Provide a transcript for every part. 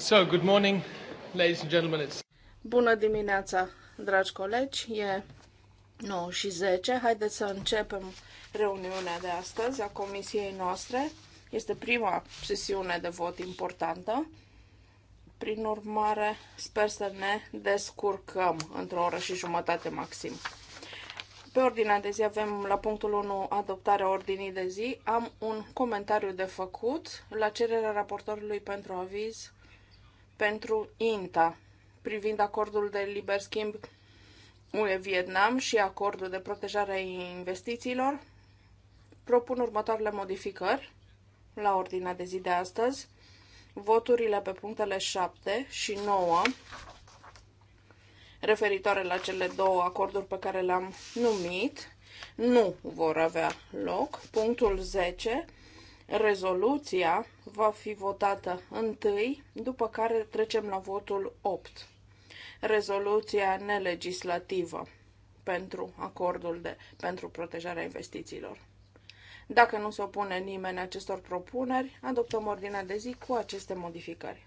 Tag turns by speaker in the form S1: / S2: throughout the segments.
S1: So, good morning, ladies and gentlemen. It's...
S2: Bună dimineața, dragi colegi. E 9 și 10. Haideți să începem reuniunea de astăzi a comisiei noastre. Este prima sesiune de vot importantă. Prin urmare, sper să ne descurcăm într-o oră și jumătate maxim. Pe ordinea de zi avem la punctul 1 adoptarea ordinii de zi. Am un comentariu de făcut la cererea raportorului pentru aviz pentru INTA privind acordul de liber schimb UE-Vietnam și acordul de protejare a investițiilor, propun următoarele modificări la ordinea de zi de astăzi. Voturile pe punctele 7 și 9 referitoare la cele două acorduri pe care le-am numit nu vor avea loc. Punctul 10 Rezoluția va fi votată întâi, după care trecem la votul 8. Rezoluția nelegislativă pentru acordul de, pentru protejarea investițiilor. Dacă nu se opune nimeni acestor propuneri, adoptăm ordinea de zi cu aceste modificări.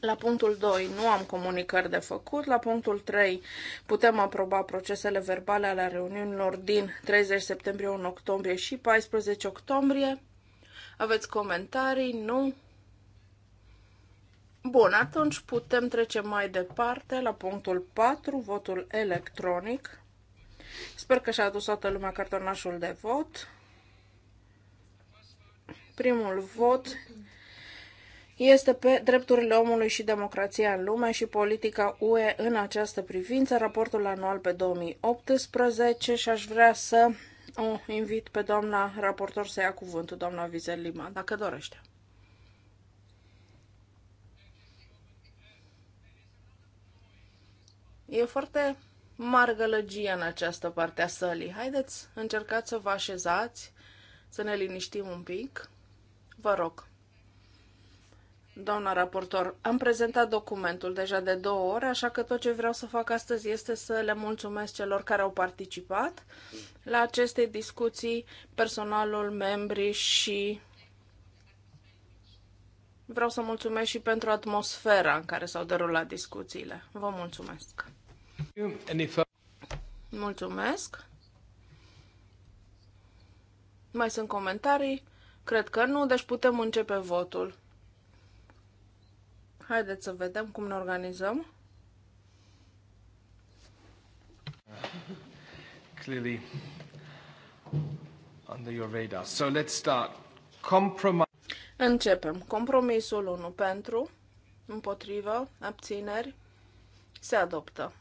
S2: La punctul 2 nu am comunicări de făcut. La punctul 3 putem aproba procesele verbale ale reuniunilor din 30 septembrie, 1 octombrie și 14 octombrie. Aveți comentarii? Nu? Bun, atunci putem trece mai departe la punctul 4, votul electronic. Sper că și-a adus toată lumea cartonașul de vot. Primul vot este pe drepturile omului și democrația în lume și politica UE în această privință, raportul anual pe 2018 și aș vrea să o invit pe doamna raportor să ia cuvântul, doamna Vizel Lima, dacă dorește. E foarte mare gălăgie în această parte a sălii. Haideți, încercați să vă așezați, să ne liniștim un pic. Vă rog. Doamna raportor, am prezentat documentul deja de două ore, așa că tot ce vreau să fac astăzi este să le mulțumesc celor care au participat la aceste discuții, personalul, membrii și vreau să mulțumesc și pentru atmosfera în care s-au derulat discuțiile. Vă mulțumesc! Mulțumesc! Mai sunt comentarii? Cred că nu, deci putem începe votul. Haideți să vedem cum ne organizăm.
S3: Clearly under your radar. So let's start. Compromise.
S2: Începem. Compromisul 1 pentru, împotrivă, abțineri, se adoptă.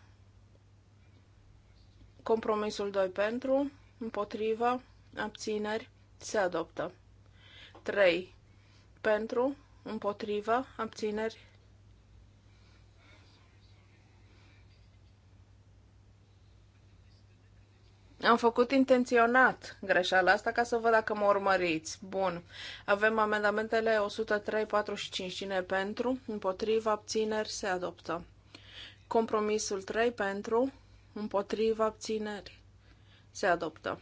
S2: Compromisul 2 pentru, împotrivă, abțineri, se adoptă. 3. Pentru, împotrivă, abțineri, Am făcut intenționat greșeala asta ca să văd dacă mă urmăriți. Bun. Avem amendamentele 103, 45. Cine pentru? Împotriva abțineri se adoptă. Compromisul 3 pentru? Împotriva abțineri se adoptă.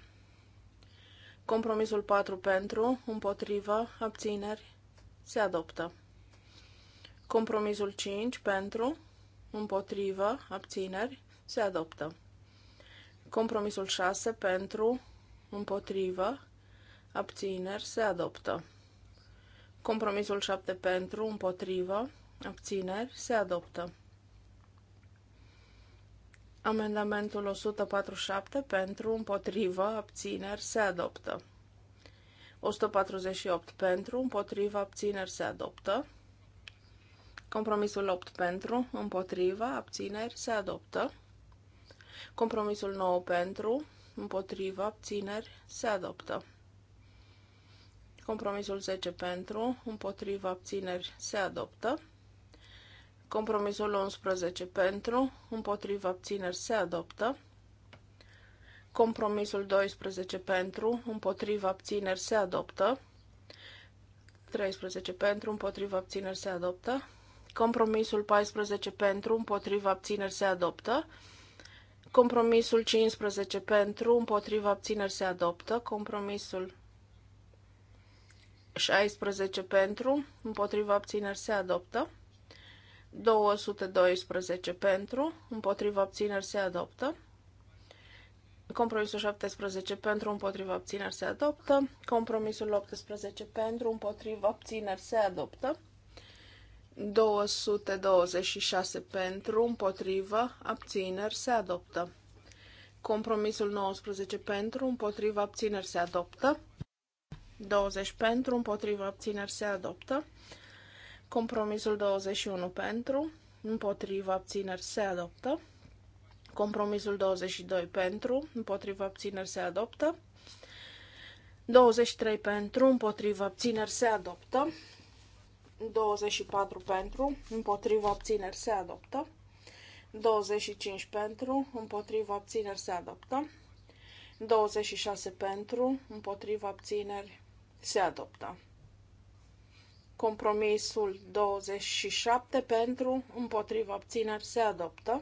S2: Compromisul 4 pentru? Împotriva abțineri se adoptă. Compromisul 5 pentru? Împotriva abțineri se adoptă. Compromisul 6 pentru, împotrivă, abțineri se adoptă. Compromisul 7 pentru, împotrivă, abțineri se adoptă. Amendamentul 147 pentru, împotrivă, abțineri se adoptă. 148 pentru, împotrivă, abțineri se adoptă. Compromisul 8 pentru, împotrivă, abțineri se adoptă. Compromisul nou pentru, împotrivă, abțineri, se adoptă. Compromisul 10 pentru, împotrivă, abțineri, se adoptă. Compromisul 11 pentru, împotrivă, abțineri, se adoptă. Compromisul 12 pentru, împotriva abțineri se adoptă. 13 pentru, împotriva abțineri se adoptă. Compromisul 14 pentru, împotriva abțineri se adoptă. Compromisul 15 pentru, împotriva abțineri se adoptă. Compromisul 16 pentru, împotriva abțineri se adoptă. 212 pentru, împotriva abțineri se adoptă. Compromisul 17 pentru, împotriva abțineri se adoptă. Compromisul 18 pentru, împotriva abțineri se adoptă. 226 pentru, împotrivă, abțineri, se adoptă. Compromisul 19 pentru, împotrivă, abțineri, se adoptă. 20 pentru, împotrivă, abțineri, se adoptă. Compromisul 21 pentru, împotrivă, abțineri, se adoptă. Compromisul 22 pentru, împotrivă, abțineri, se adoptă. 23 pentru, împotrivă, abțineri, se adoptă. 24 pentru, împotriva abțineri se adoptă. 25 pentru, împotriva abțineri se adoptă. 26 pentru, împotriva abțineri se adoptă. Compromisul 27 pentru, împotriva abțineri se adoptă.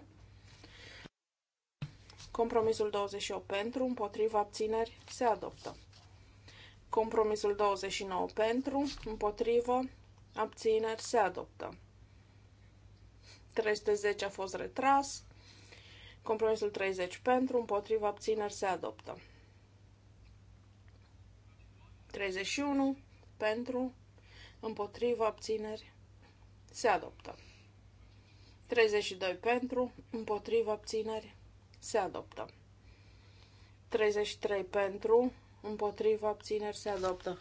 S2: Compromisul 28 pentru, împotriva abțineri se adoptă. Compromisul 29 pentru, împotrivă, abțineri, se adoptă. 310 a fost retras. Compromisul 30 pentru, împotriva abțineri se adoptă. 31 pentru, împotriva abțineri se adoptă. 32 pentru, împotriva abțineri se adoptă. 33 pentru, împotriva abțineri se adoptă.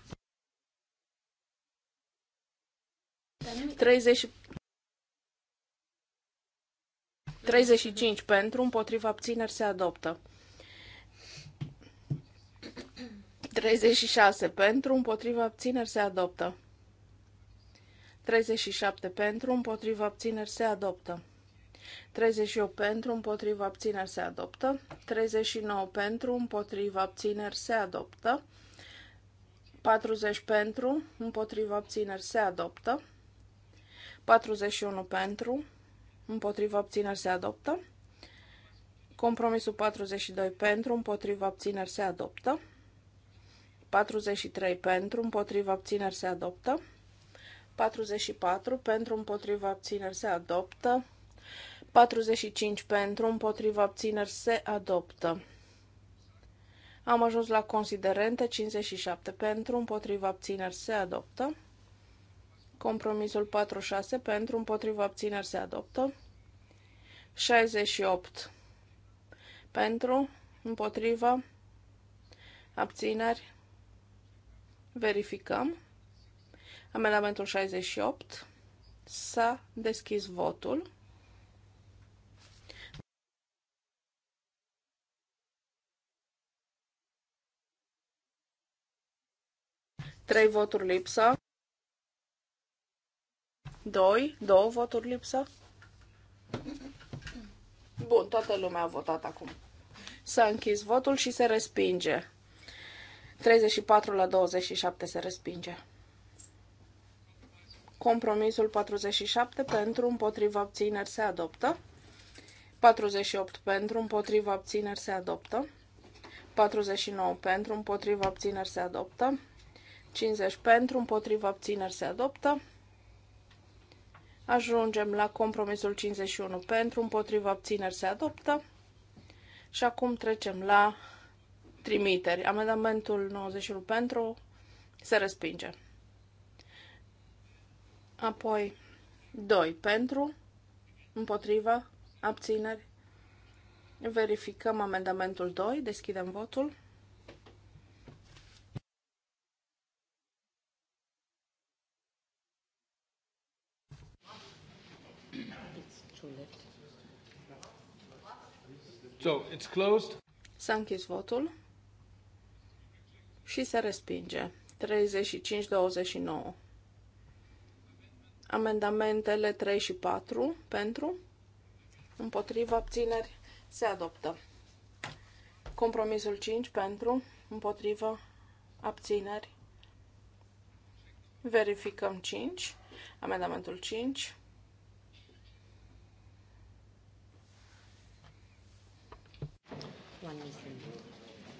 S2: 30... 35 pentru, împotriva abțineri se adoptă. 36 pentru, împotriva abțineri se adoptă. 37 pentru, împotriva abțineri se adoptă. 38 pentru, împotriva abțineri se adoptă. 39 pentru, împotriva abțineri se adoptă. 40 pentru, împotriva abțineri se adoptă. 41 pentru, împotriva obțineri se adoptă. Compromisul 42 pentru, împotriva obțineri se adoptă. 43 pentru, împotriva obțineri se adoptă. 44 pentru, împotriva obțineri se adoptă. 45 pentru, împotriva obțineri se adoptă. Am ajuns la considerente, 57 pentru, împotriva obțineri se adoptă. Compromisul 46 pentru, împotriva abțineri se adoptă. 68 pentru, împotriva abțineri. Verificăm. Amendamentul 68. S-a deschis votul. Trei voturi lipsă. 2, 2 voturi lipsă. Bun, toată lumea a votat acum. S-a închis votul și se respinge. 34 la 27 se respinge. Compromisul 47 pentru împotriva abțineri se adoptă. 48 pentru împotriva abțineri se adoptă. 49 pentru împotriva abțineri se adoptă. 50 pentru împotriva abțineri se adoptă. Ajungem la compromisul 51 pentru, împotriva abțineri se adoptă. Și acum trecem la trimiteri. Amendamentul 91 pentru se respinge. Apoi 2 pentru, împotriva, abțineri. Verificăm amendamentul 2, deschidem votul. So, it's closed. S-a închis votul și se respinge. 35-29. Amendamentele 3 și 4 pentru, împotriva abțineri, se adoptă. Compromisul 5 pentru, împotriva abțineri. Verificăm 5, amendamentul 5.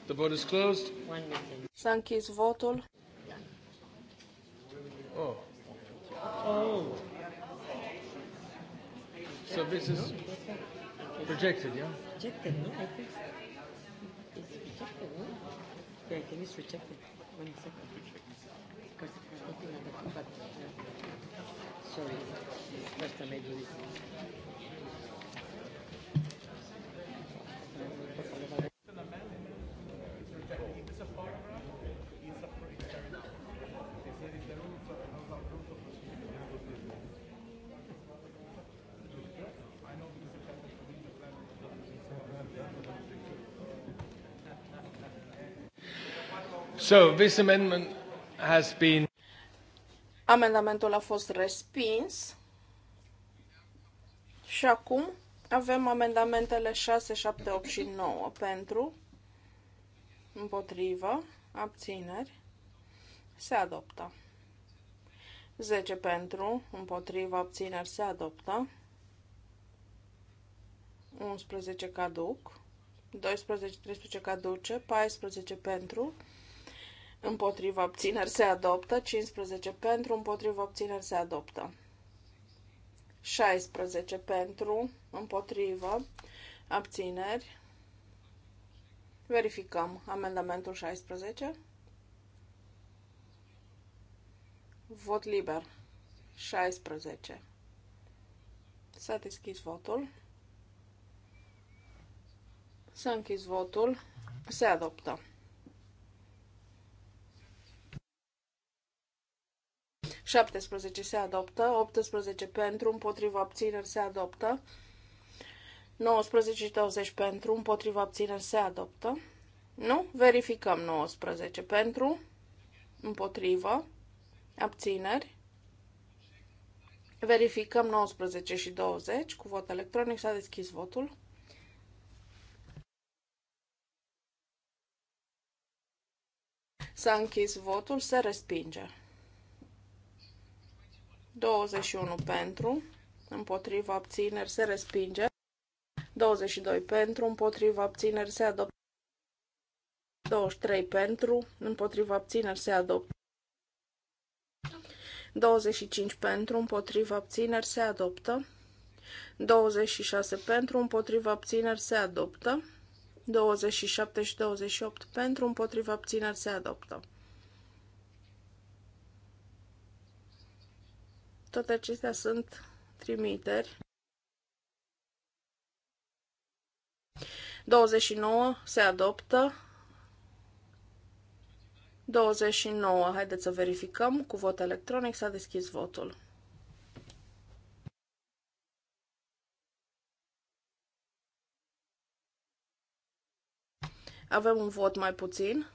S2: The vote is closed. One missing. S-a închis votul. Oh.
S1: Oh. So this is rejected, yeah?
S3: Rejected, no? I think It's rejected, no? Yeah, I think it's rejected. One second. Because there's nothing on the but, uh, sorry. First time I do this. So, this amendment has been...
S2: Amendamentul a fost respins. Și acum avem amendamentele 6, 7, 8 și 9 pentru, împotrivă, abțineri, se adoptă. 10 pentru, împotrivă, abțineri, se adoptă. 11 caduc, 12, 13 caduce, 14 pentru, împotriva abțineri se adoptă, 15 pentru, împotriva abțineri se adoptă. 16 pentru, împotrivă, abțineri. Verificăm amendamentul 16. Vot liber. 16. S-a deschis votul. S-a închis votul. Se adoptă. 17 se adoptă, 18 pentru, împotriva abțineri se adoptă, 19 și 20 pentru, împotriva abțineri se adoptă. Nu? Verificăm 19 pentru, împotriva, abțineri. Verificăm 19 și 20 cu vot electronic. S-a deschis votul. S-a închis votul, se respinge. 21 pentru, împotriva abțineri se respinge. 22 pentru, împotriva abțineri se adoptă. 23 pentru, împotriva abțineri se adoptă. 25 pentru, împotriva abțineri se adoptă. 26 pentru, împotriva abțineri se adoptă. 27 și 28 pentru, împotriva abțineri se adoptă. Toate acestea sunt trimiteri. 29 se adoptă. 29. Haideți să verificăm. Cu vot electronic s-a deschis votul. Avem un vot mai puțin.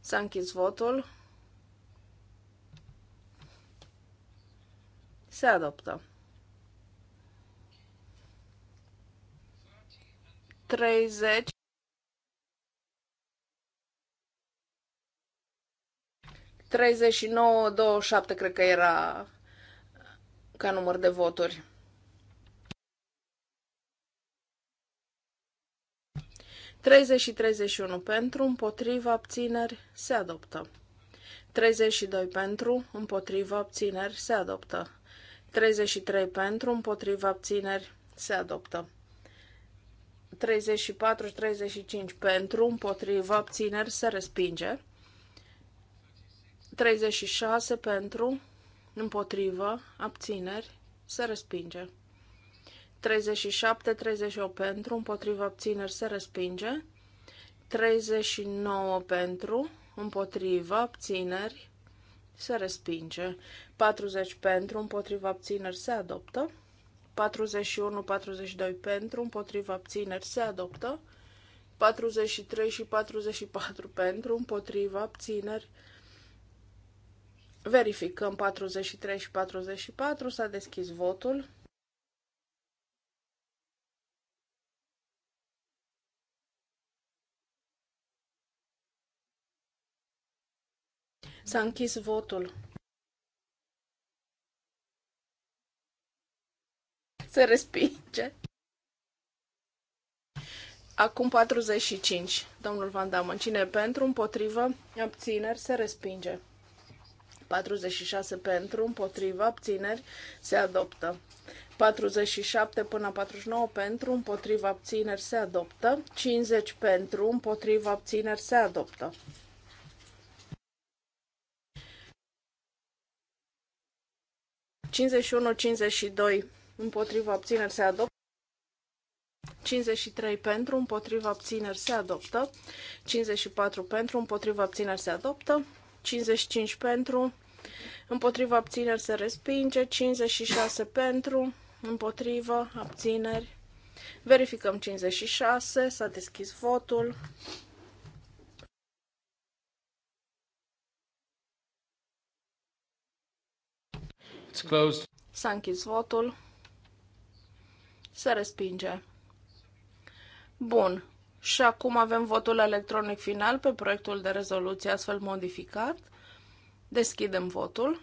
S2: S-a închis votul. Se adoptă. 30 39, 27 cred că era ca număr de voturi. Treizeci și treizeci și unu pentru, împotriva abțineri, se adoptă. treizeci și doi pentru, împotriva abțineri, se adoptă. 33 pentru, împotriva abțineri se adoptă. 34 și 35 pentru, împotriva abțineri se respinge. 36 pentru, împotriva abțineri se respinge. 37, 38 pentru, împotriva abțineri se respinge. 39 pentru, împotriva abțineri se respinge. 40 pentru, împotriva abțineri se adoptă. 41-42 pentru, împotriva abțineri se adoptă. 43 și 44 pentru, împotriva abțineri. Verificăm 43 și 44, s-a deschis votul. S-a închis votul. Se respinge. Acum 45. Domnul Van Damme. Cine pentru, împotrivă, abțineri, se respinge. 46 pentru, împotrivă, abțineri, se adoptă. 47 până 49 pentru, împotrivă, abțineri, se adoptă. 50 pentru, împotrivă, abțineri, se adoptă. 51-52 împotriva obțineri se adoptă. 53 pentru, împotriva abțineri se adoptă. 54 pentru, împotriva abțineri se adoptă. 55 pentru, împotriva abțineri se respinge. 56 pentru, împotriva abțineri. Verificăm 56, s-a deschis votul. It's closed. S-a închis votul. Se respinge. Bun. Și acum avem votul electronic final pe proiectul de rezoluție astfel modificat. Deschidem votul.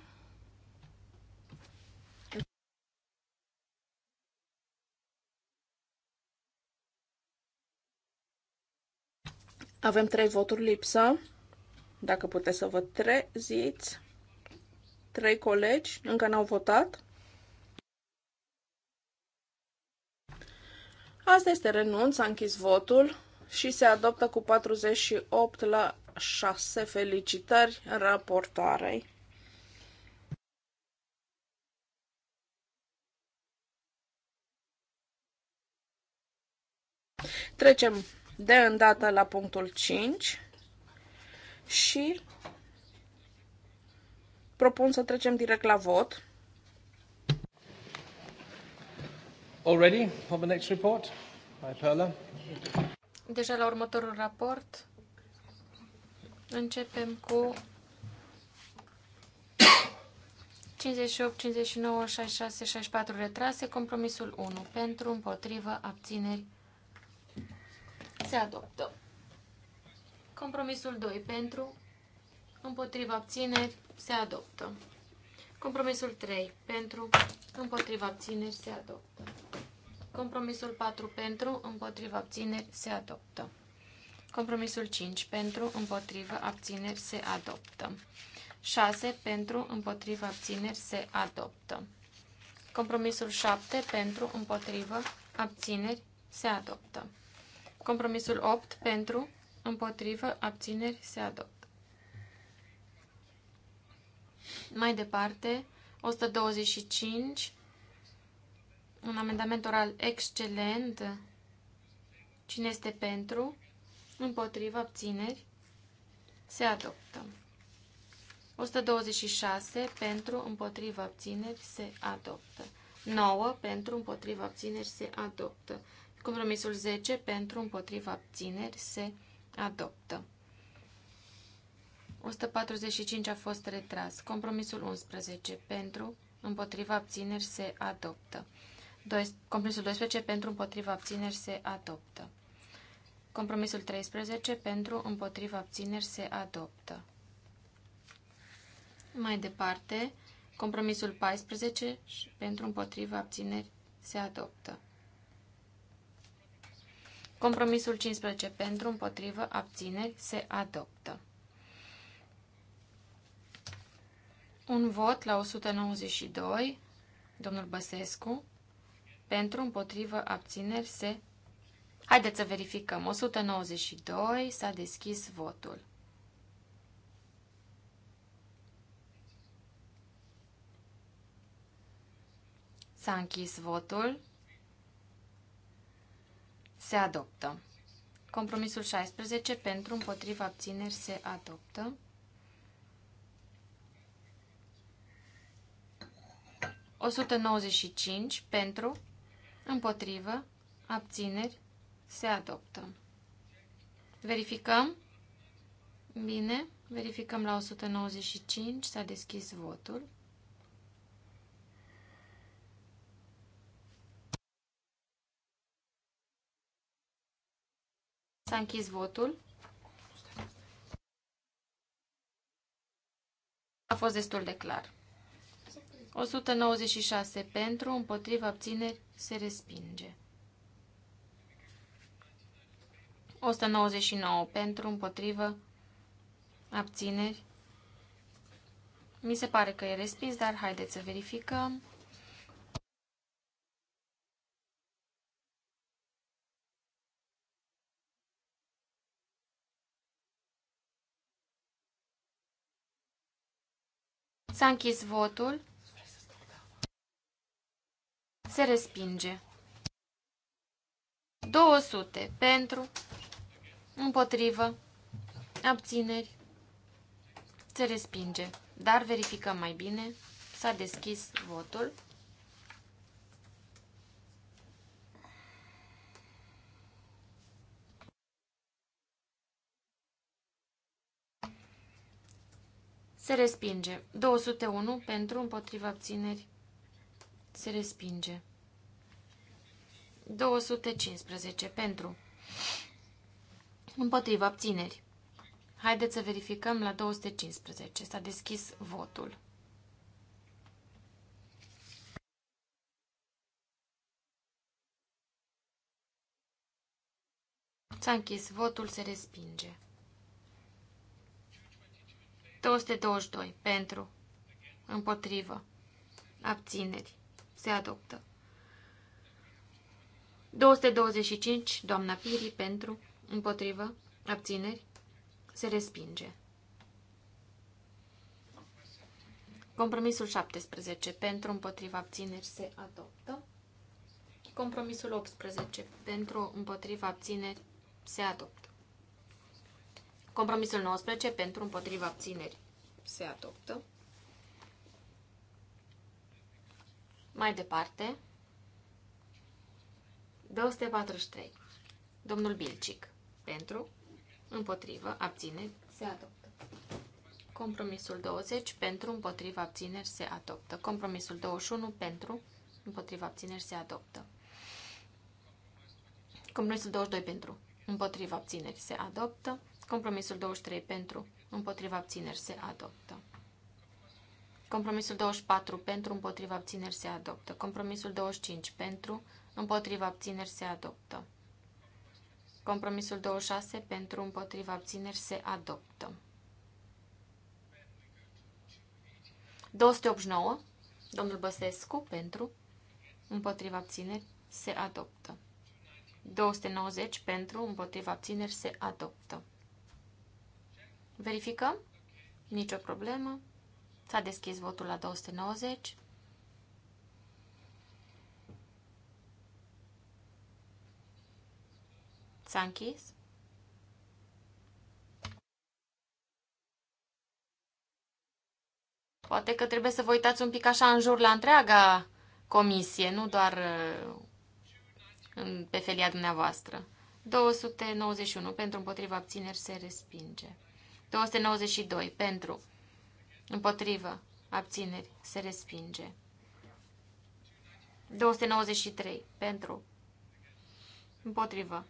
S2: Avem trei voturi lipsă. Dacă puteți să vă treziți. Trei colegi încă n-au votat. Asta este renunț, a închis votul și se adoptă cu 48 la 6 felicitări raportoarei. Trecem de îndată la punctul 5 și propun să trecem direct la vot.
S3: Already on the next report, by Perla. Deja la următorul raport. Începem cu 58, 59, 66, 64 retrase, compromisul 1. Pentru, împotrivă, abțineri, se adoptă. Compromisul 2. Pentru, împotriva abțineri, se adoptă. Compromisul 3 pentru, împotriva abțineri, se adoptă. Compromisul 4 pentru, împotriva abțineri, se adoptă. Compromisul 5 pentru, împotriva abțineri, se adoptă. 6 pentru, împotriva abțineri, se adoptă. Compromisul 7 pentru, împotriva abțineri, se adoptă. Compromisul 8 pentru, împotriva abțineri, se adoptă. Mai departe, 125, un amendament oral excelent. Cine este pentru? Împotriva abțineri? Se adoptă. 126 pentru împotriva abțineri se adoptă. 9 pentru împotriva abțineri se adoptă. Compromisul 10 pentru împotriva abțineri se adoptă. 145 a fost retras. Compromisul 11 pentru, împotriva abțineri se adoptă. Compromisul 12 pentru, împotriva abțineri se adoptă. Compromisul 13 pentru, împotriva abțineri se adoptă. Mai departe, compromisul 14 pentru, împotriva abțineri se adoptă. Compromisul 15 pentru, împotriva abțineri se adoptă. Un vot la 192, domnul Băsescu, pentru, împotrivă, abțineri, se... Haideți să verificăm. 192, s-a deschis votul. S-a închis votul. Se adoptă. Compromisul 16 pentru împotriva abțineri se adoptă. 195 pentru, împotrivă, abțineri, se adoptă. Verificăm. Bine, verificăm la 195, s-a deschis votul. S-a închis votul. A fost destul de clar. 196 pentru, împotriva abțineri, se respinge. 199 pentru, împotrivă, abțineri. Mi se pare că e respins, dar haideți să verificăm. S-a închis votul. Se respinge. 200 pentru, împotrivă, abțineri, se respinge. Dar verificăm mai bine. S-a deschis votul. Se respinge. 201 pentru, împotriva abțineri, se respinge. 215 pentru. Împotriva abțineri. Haideți să verificăm la 215. S-a deschis votul. S-a închis votul, se respinge. 222. Pentru. Împotrivă. Abțineri se adoptă. 225, doamna Piri, pentru, împotrivă, abțineri, se respinge. Compromisul 17, pentru, împotriva, abțineri, se adoptă. Compromisul 18, pentru, împotriva, abțineri, se adoptă. Compromisul 19, pentru, împotriva, abțineri, se adoptă. Mai departe, 243. Domnul Bilcic. Pentru, împotrivă, abțineri, se adoptă. Compromisul 20. Pentru, împotrivă, abțineri, se adoptă. Compromisul 21. Pentru, împotrivă, abțineri, se adoptă. Compromisul 22. Pentru, împotrivă, abțineri, se adoptă. Compromisul 23. Pentru, împotrivă, abțineri, se adoptă. Compromisul 24 pentru, împotriva abțineri se adoptă. Compromisul 25 pentru, împotriva abțineri se adoptă. Compromisul 26 pentru, împotriva abțineri se adoptă. 289, domnul Băsescu, pentru, împotriva abțineri se adoptă. 290 pentru, împotriva abțineri se adoptă. Verificăm? Nicio problemă. S-a deschis votul la 290. S-a închis. Poate că trebuie să vă uitați un pic așa în jur la întreaga comisie, nu doar uh, pe felia dumneavoastră. 291 pentru împotriva abțineri se respinge. 292 pentru Împotrivă. Abțineri. Se respinge. 293. Pentru. Împotrivă.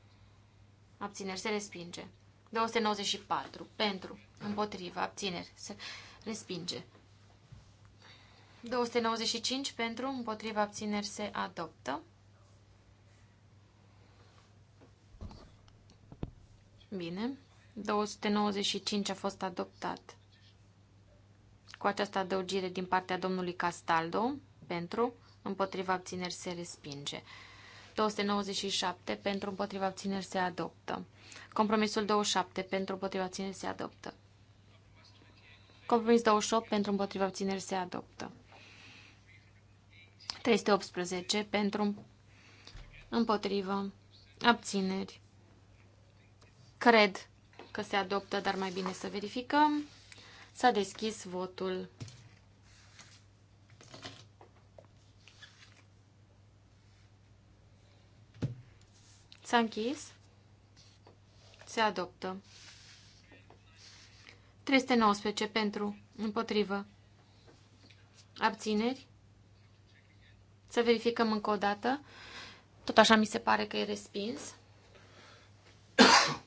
S3: Abțineri. Se respinge. 294. Pentru. Împotrivă. Abțineri. Se respinge. 295. Pentru. Împotrivă. Abțineri. Se adoptă. Bine. 295 a fost adoptat cu această adăugire din partea domnului Castaldo pentru, împotriva abțineri se respinge. 297 pentru împotriva abțineri se adoptă. Compromisul 27 pentru împotriva abțineri se adoptă. Compromis 28 pentru împotriva abțineri se adoptă. 318 pentru împotriva abțineri. Cred că se adoptă, dar mai bine să verificăm. S-a deschis votul. S-a închis. Se adoptă. 319 pentru, împotrivă. Abțineri. Să verificăm încă o dată. Tot așa mi se pare că e respins.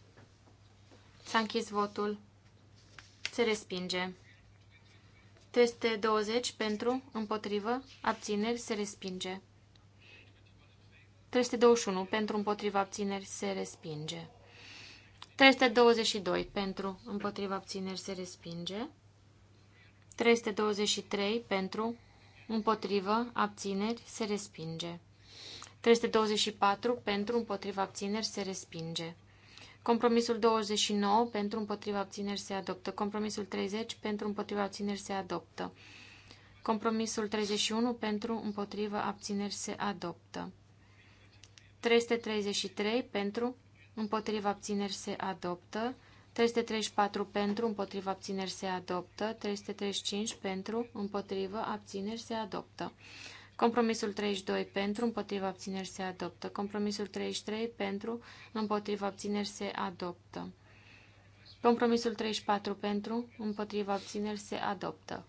S3: S-a închis votul. Se respinge. Teste 20 pentru, împotrivă, abțineri, se respinge. 321 pentru, împotriva, abțineri, se respinge. 322 pentru, împotriva, abțineri, se respinge. 323 pentru, împotrivă, abțineri, se respinge. 324 pentru, împotriva, abțineri, se respinge. Compromisul 29 pentru împotriva abțineri se adoptă. Compromisul 30 pentru împotriva abțineri se adoptă. Compromisul 31 pentru împotriva abțineri se adoptă. 333 pentru împotriva abțineri se adoptă. 334 pentru împotriva abțineri se adoptă. 335 pentru împotriva abțineri se adoptă. Compromisul 32 pentru, împotriva abțineri se adoptă. Compromisul 33 pentru, împotriva abțineri se adoptă. Compromisul 34 pentru, împotriva abțineri se adoptă.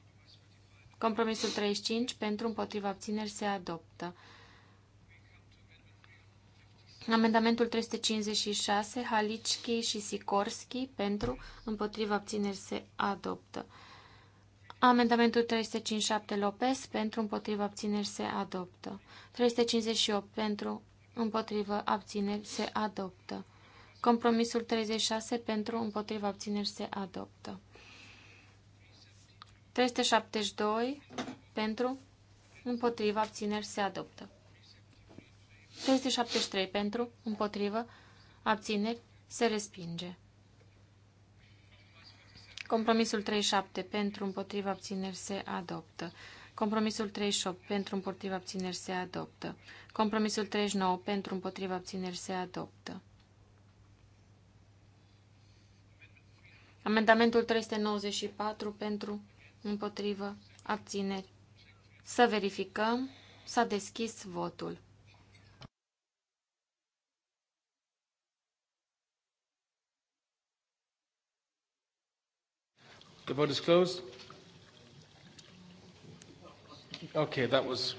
S3: Compromisul 35 pentru, împotriva abțineri se adoptă. Amendamentul 356, Halicki și Sikorski pentru, împotriva abțineri se adoptă. Amendamentul 357 Lopez pentru împotrivă abțineri se adoptă. 358 pentru împotrivă abțineri se adoptă. Compromisul 36 pentru împotrivă abțineri se adoptă. 372 pentru împotrivă abțineri se adoptă. 373 pentru împotrivă abțineri se respinge. Compromisul 37 pentru împotriva abțineri se adoptă. Compromisul 38 pentru împotriva abțineri se adoptă. Compromisul 39 pentru împotriva abțineri se adoptă. Amendamentul 394 pentru împotriva abțineri. Să verificăm. S-a deschis votul.
S1: The vote is closed. Okay, that was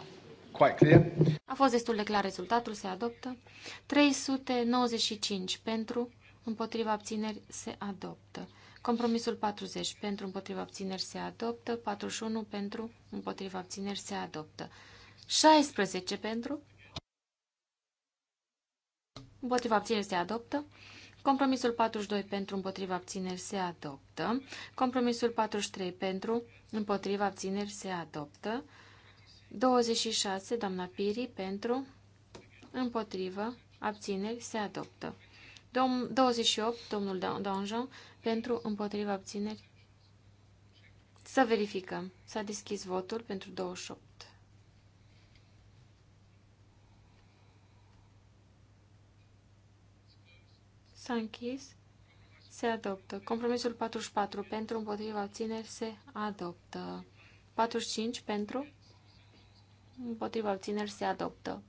S1: quite clear.
S3: A fost destul de clar rezultatul, se adoptă. 395 pentru, împotriva abțineri, se adoptă. Compromisul 40 pentru, împotriva abțineri, se adoptă. 41 pentru, împotriva abțineri, se adoptă. 16 pentru, împotriva abțineri, se adoptă. Compromisul 42 pentru împotriva abțineri se adoptă. Compromisul 43 pentru împotriva abțineri se adoptă. 26, doamna Piri, pentru împotrivă abțineri se adoptă. 28, domnul da, Donjon, pentru împotriva abțineri. Să verificăm. S-a deschis votul pentru 28. S-a închis. Se adoptă. Compromisul 44 pentru, împotriva obțineri se adoptă. 45 pentru, împotriva obțineri se adoptă.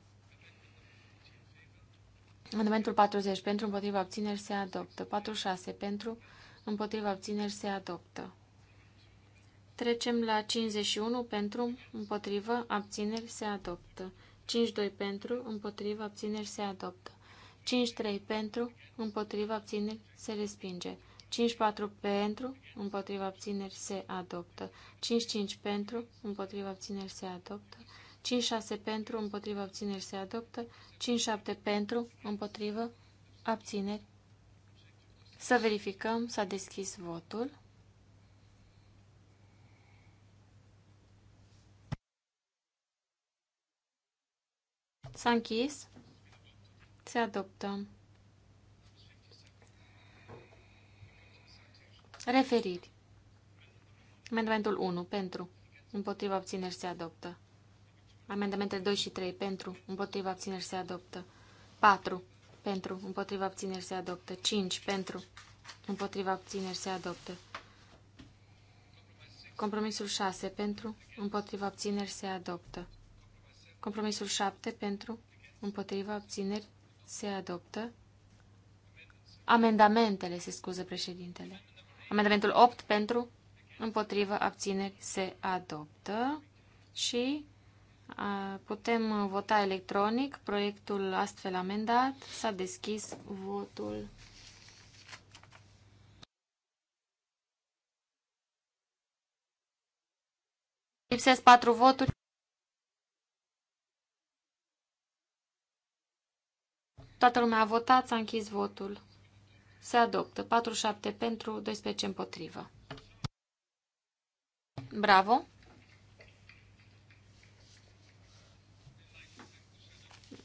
S3: Amendamentul 40 pentru, împotriva obțineri se adoptă. 46 pentru, împotriva obțineri se adoptă. Trecem la 51 pentru, împotriva abțineri se adoptă. 52 pentru, împotriva abțineri se adoptă. 5-3 pentru, împotriva abțineri se respinge. 5-4 pentru, împotriva abțineri se adoptă. 5-5 pentru, împotriva abțineri se adoptă. 5-6 pentru, împotriva abțineri se adoptă. 5-7 pentru, împotriva abțineri. Să verificăm, s-a deschis votul. S-a închis. Se adoptă. Referiri. Amendamentul 1. Pentru. Împotriva obțineri se adoptă. Amendamentele 2 și 3. Pentru. Împotriva obțineri se adoptă. 4. Pentru. Împotriva obțineri se adoptă. 5. Pentru. Împotriva obțineri se adoptă. Compromisul 6. Pentru. Împotriva obțineri se adoptă. Compromisul 7. Pentru. Împotriva abțineri se adoptă. Amendamentele, se scuză președintele. Amendamentul 8 pentru, împotrivă, abțineri, se adoptă. Și a, putem vota electronic. Proiectul astfel amendat s-a deschis votul. Lipsesc patru voturi. Toată lumea a votat, s-a închis votul. Se adoptă. 47 pentru, 12 împotrivă. Bravo!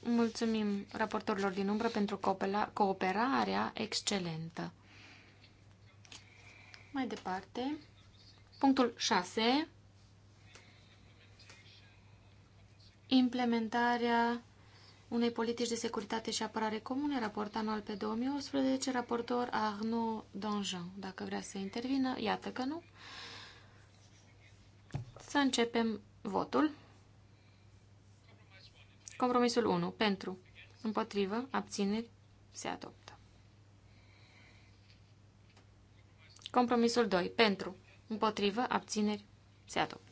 S3: Mulțumim raportorilor din umbră pentru cooperarea excelentă. Mai departe, punctul 6, implementarea unei politici de securitate și apărare comune, raport anual pe 2018, raportor Arnaud Donjean. Dacă vrea să intervină, iată că nu. Să începem votul. Compromisul 1. Pentru. Împotrivă. Abțineri. Se adoptă. Compromisul 2. Pentru. Împotrivă. Abțineri. Se adoptă.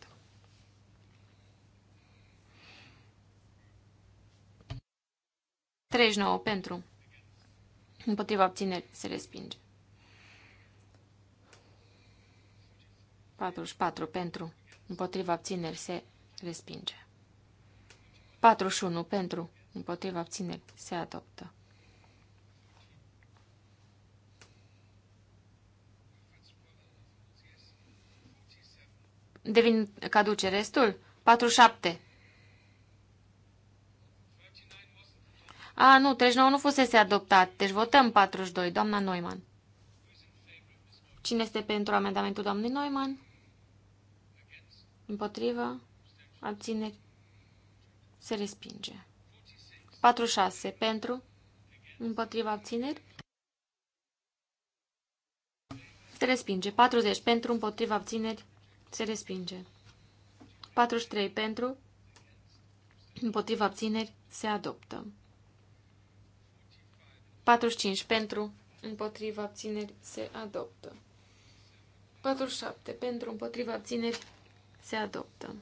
S3: 39 pentru. Împotriva obțineri se respinge. 44 pentru. Împotriva obțineri se respinge. 41 pentru. Împotriva obțineri se adoptă. Devin caduce restul? 47 A, nu, 39 nu fusese adoptat. Deci votăm 42. Doamna Neumann. Cine este pentru amendamentul doamnei Neumann? Împotrivă? Abțineri? Se respinge. 46. Pentru? Împotrivă abțineri? Se respinge. 40. Pentru? Împotrivă abțineri? Se respinge. 43. Pentru? Împotrivă abțineri? Se adoptă. 45 pentru, împotriva abțineri se adoptă. 47 pentru, împotriva abțineri se adoptă.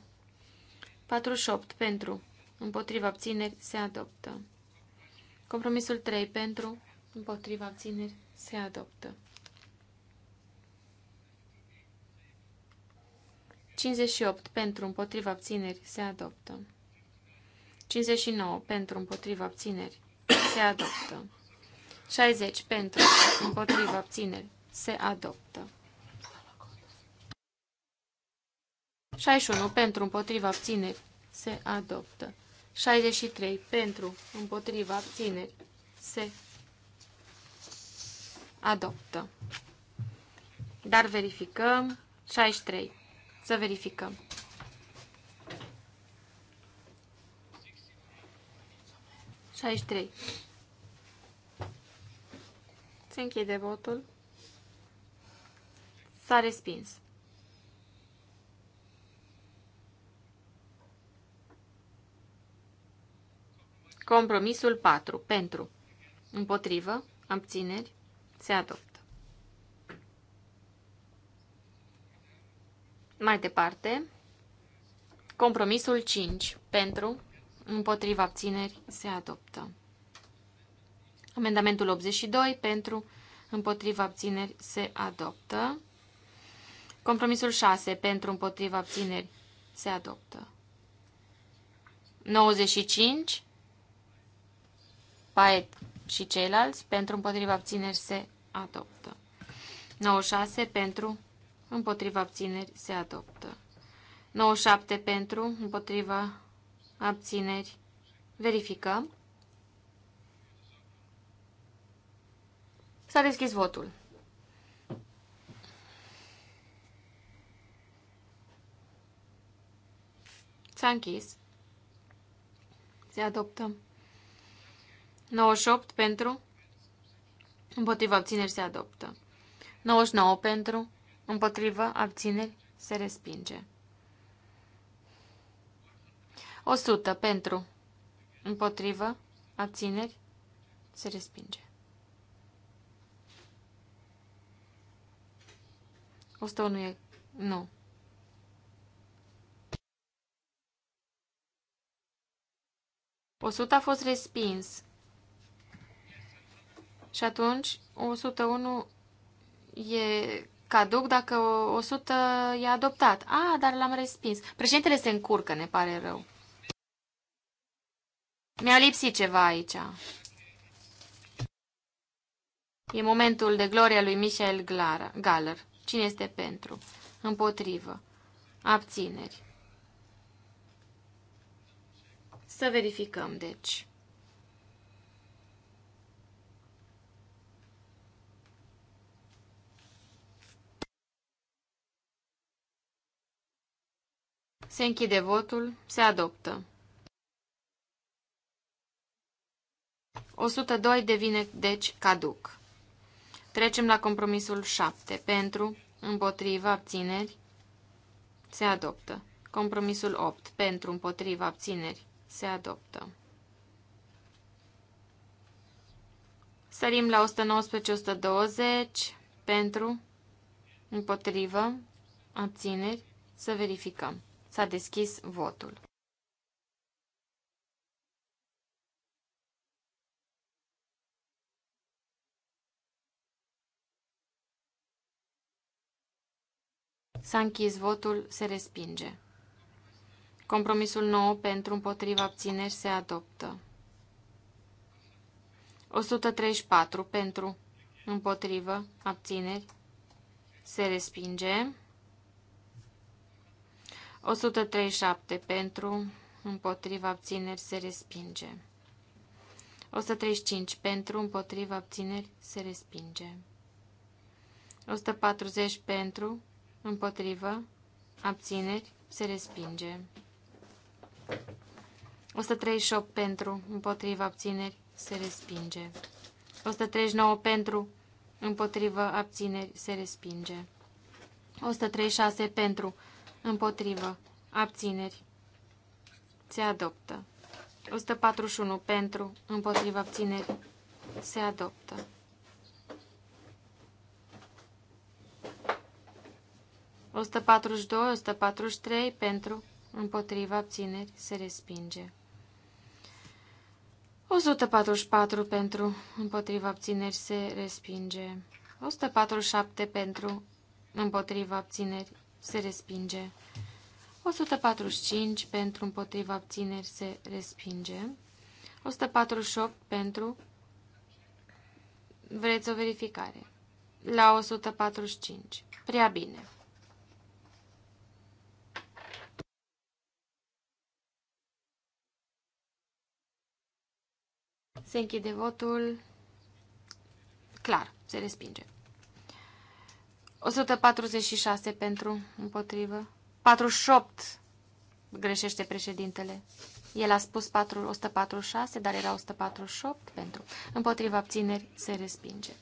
S3: 48 pentru, împotriva abțineri se adoptă. Compromisul 3 pentru, împotriva abțineri se adoptă. 58 pentru, împotriva abțineri se adoptă. 59 pentru, împotriva abțineri se adoptă. 60 pentru, împotriva abțineri, se adoptă. 61 pentru, împotriva abțineri, se adoptă. 63 pentru, împotriva abțineri, se adoptă. Dar verificăm. 63. Să verificăm. trei. Se închide votul. S-a respins. Compromisul 4. Pentru. Împotrivă. Abțineri. Se adoptă. Mai departe. Compromisul 5. Pentru. Împotrivă. abțineri. Se adoptă. Amendamentul 82 pentru împotriva abțineri se adoptă. Compromisul 6 pentru împotriva abțineri se adoptă. 95 Paet și ceilalți pentru împotriva abțineri se adoptă. 96 pentru împotriva abțineri se adoptă. 97 pentru împotriva abțineri verificăm. S-a deschis votul. S-a închis. Se adoptă. 98 pentru. Împotriva abțineri se adoptă. 99 pentru. Împotriva abțineri se respinge. 100 pentru. Împotrivă. Abțineri. Se respinge. nu e... Nu. O sută a fost respins. Și atunci 101 e caduc dacă 100 e adoptat. A, dar l-am respins. Președintele se încurcă, ne pare rău. Mi-a lipsit ceva aici. E momentul de gloria lui Michel Galler. Cine este pentru? Împotrivă. Abțineri. Să verificăm, deci. Se închide votul. Se adoptă. 102 devine, deci, caduc. Trecem la compromisul 7. Pentru, împotriva, abțineri, se adoptă. Compromisul 8. Pentru, împotriva, abțineri, se adoptă. Sărim la 119-120 pentru, împotrivă, abțineri, să verificăm. S-a deschis votul. S-a închis votul, se respinge. Compromisul nou pentru împotriva abțineri se adoptă. 134 pentru împotrivă abțineri se respinge. 137 pentru împotriva abțineri se respinge. 135 pentru împotriva abțineri se respinge. 140 pentru împotrivă, abțineri, se respinge. 138 pentru, împotrivă, abțineri, se respinge. 139 pentru, împotrivă, abțineri, se respinge. 136 pentru, împotrivă, abțineri, se adoptă. 141 pentru, împotrivă, abțineri, se adoptă. 142, 143 pentru, împotriva abțineri se respinge. 144 pentru, împotriva abțineri se respinge. 147 pentru, împotriva abțineri se respinge. 145 pentru, împotriva abțineri se respinge. 148 pentru, vreți o verificare. La 145. Prea bine. Se închide votul. Clar, se respinge. 146 pentru, împotrivă. 48 greșește președintele. El a spus 4, 146, dar era 148 pentru. Împotriva abțineri se respinge.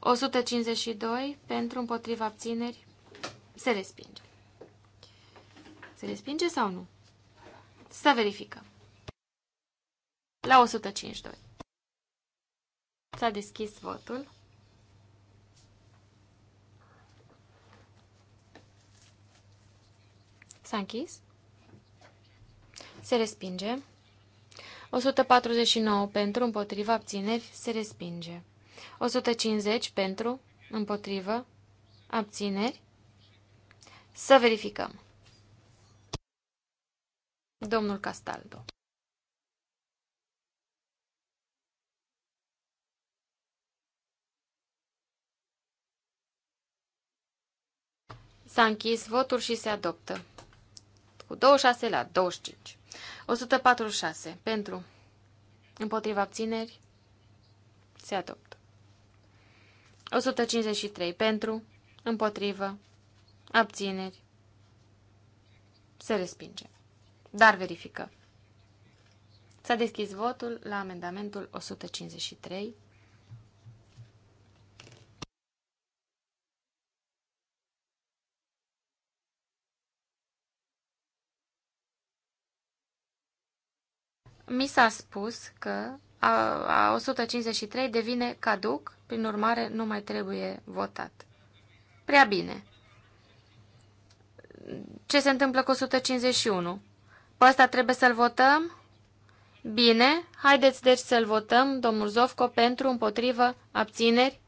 S3: 152 pentru împotriva abțineri se respinge. Se respinge sau nu? Să verificăm. La 152. S-a deschis votul. S-a închis. Se respinge. 149 pentru, împotriva, abțineri, se respinge. 150 pentru, împotrivă, abțineri. Să verificăm. Domnul Castaldo. S-a închis votul și se adoptă. Cu 26 la 25. 146. Pentru. Împotriva abțineri. Se adoptă. 153. Pentru. Împotrivă. Abțineri. Se respinge. Dar verifică. S-a deschis votul la amendamentul 153. mi s-a spus că a, a 153 devine caduc, prin urmare nu mai trebuie votat. Prea bine. Ce se întâmplă cu 151? Pe ăsta trebuie să-l votăm? Bine, haideți deci să-l votăm, domnul Zofco, pentru, împotrivă, abțineri.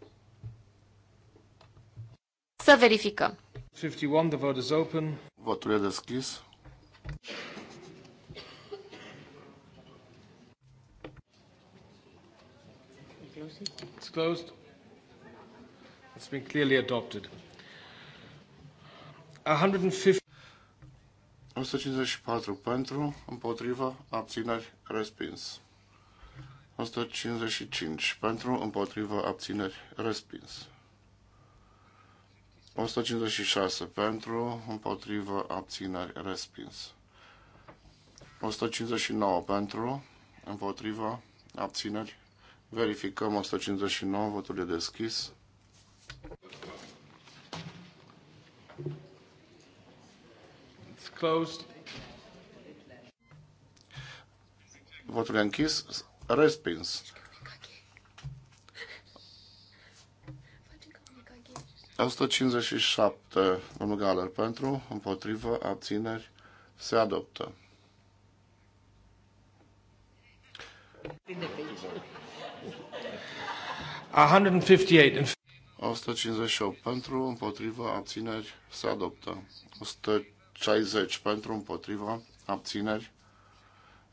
S3: Să verificăm.
S1: 51, the vote is open. Votul e deschis. It's closed. It's been clearly adopted. 150. 154 pentru, împotriva, abțineri, respins. 155 pentru, împotriva, abțineri, respins. 156 pentru, împotriva, abțineri, respins. 159 pentru, împotriva, abțineri, Verificăm 159, votul e deschis. It's closed. Votul e închis, respins. La 157, domnul Galer, pentru, împotrivă, abțineri, se adoptă. 158. pentru, împotriva, abțineri, se adoptă. 160 pentru, împotriva, abțineri.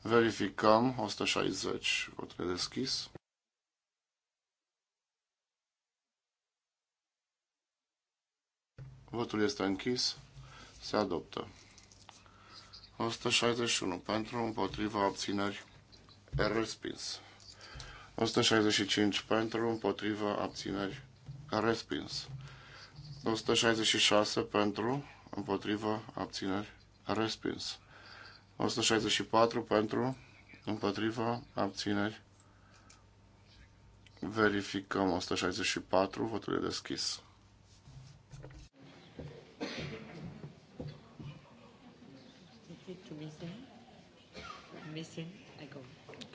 S1: Verificăm 160. Votul deschis. Votul este închis. Se adoptă. 161 pentru, împotriva, abțineri, respins. 165 pentru, împotriva, abțineri, respins. 166 pentru, împotriva, abțineri, respins. 164 pentru, împotriva, abțineri. Verificăm 164, votul e deschis.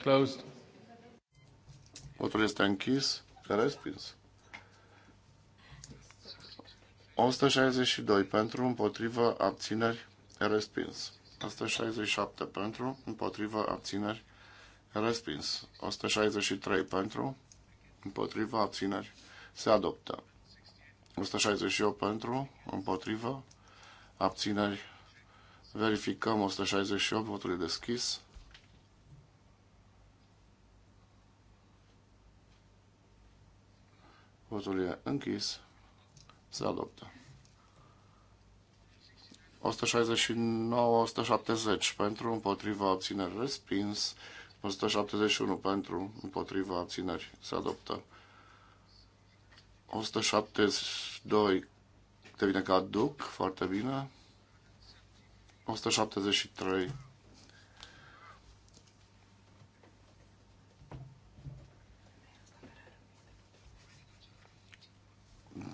S1: Closed. Votul este închis. Respins. 162 pentru, împotrivă, abțineri, respins. 167 pentru, împotrivă, abțineri, respins. 163 pentru, împotrivă, abțineri, se adoptă. 168 pentru, împotrivă, abțineri, verificăm 168, votul e deschis. Votul e închis. Se adoptă. 169-170 pentru, împotriva abțineri respins. 171 pentru, împotriva abțineri se adoptă. 172 devine caduc, foarte bine. 173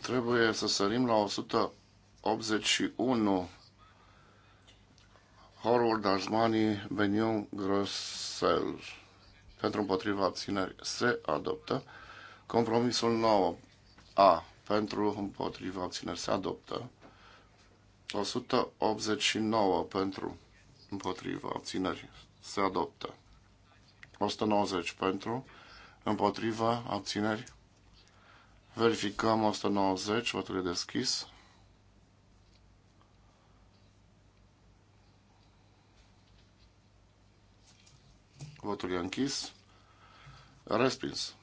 S1: Trebuie să sărim la 181 Horward, Arzmani, Beniu, Grosel. Pentru împotriva abținerii se adoptă. Compromisul 9 A. Pentru împotriva abținerii se adoptă. 189 pentru împotriva abținerii se adoptă. 190 pentru împotriva abținerii Verificăm 190, votul e deschis. Votul e închis. Respins.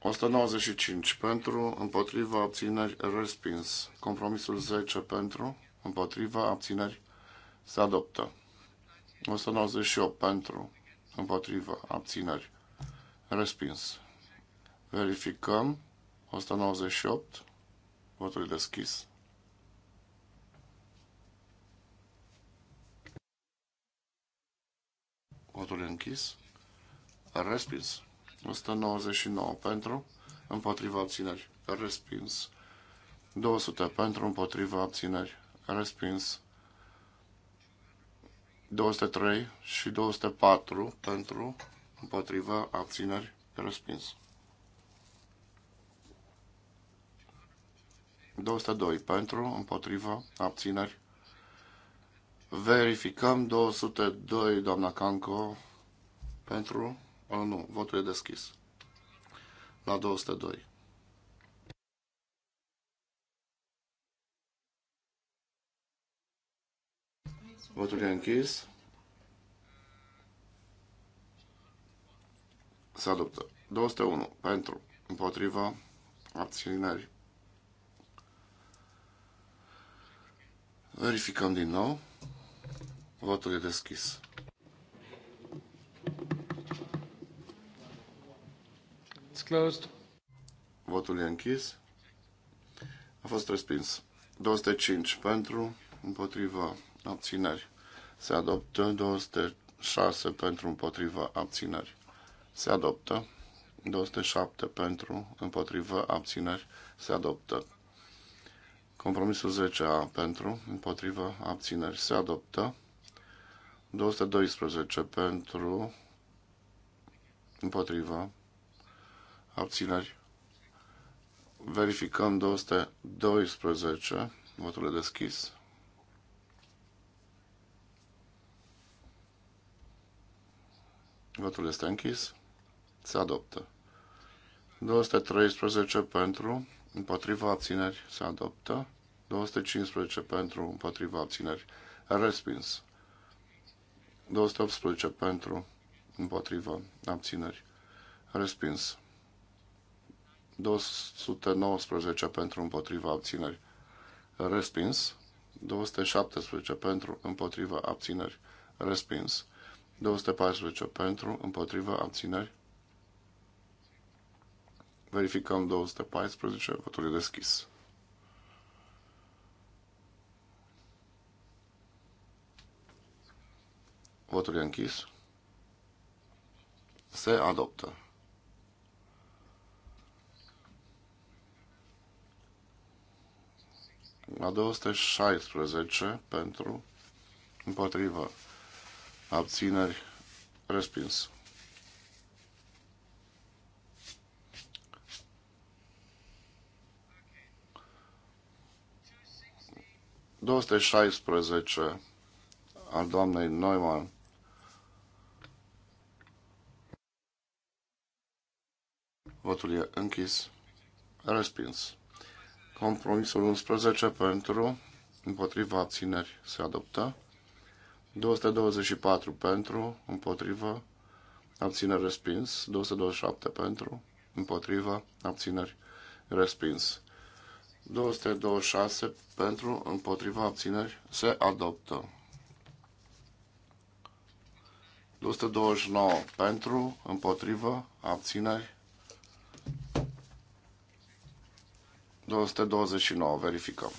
S1: 195 pentru, împotriva, abțineri, respins. Compromisul 10 pentru, împotriva, abțineri, se adoptă. 198 pentru, împotriva, abțineri, respins. Verificăm. 198. Votul deschis. Votul închis. Respins. 199 pentru, împotriva abțineri. Respins. 200 pentru, împotriva abțineri. Respins. 203 și 204 pentru, împotriva abțineri. Respins. 202 pentru, împotrivă, abțineri. Verificăm 202, doamna Canco, pentru, o, nu, votul e deschis. La 202. Votul e închis. Se adoptă. 201 pentru, împotrivă, abțineri Verificăm din nou. Votul e deschis. It's closed. Votul e închis. A fost respins. 205 pentru, împotriva, abțineri. Se adoptă 206 pentru, împotriva, abțineri. Se adoptă 207 pentru, împotriva, abțineri. Se adoptă Compromisul 10A pentru, împotrivă, abțineri se adoptă. 212 pentru, împotrivă, abțineri. Verificăm 212, votul e deschis. Votul este închis. Se adoptă. 213 pentru, împotriva abțineri se adoptă. 215 pentru, împotriva abțineri, respins. 218 pentru, împotriva abțineri, respins. 219 pentru, împotriva abțineri, respins. 217 pentru, împotriva abțineri, respins. 214 pentru, împotriva abțineri, Verificăm 214, votul e deschis. Votul e închis. Se adoptă. La 216 pentru împotrivă abțineri respins. șaisprezece al doamnei Neumann Votul e închis. Respins. Compromisul 11 pentru, împotriva abțineri se adoptă. 224 pentru, împotriva, abțineri respins. 227 pentru, împotriva, abțineri respins. 226 pentru, împotriva, abțineri se adoptă. 229 pentru, împotriva abțineri, 229. Verificăm.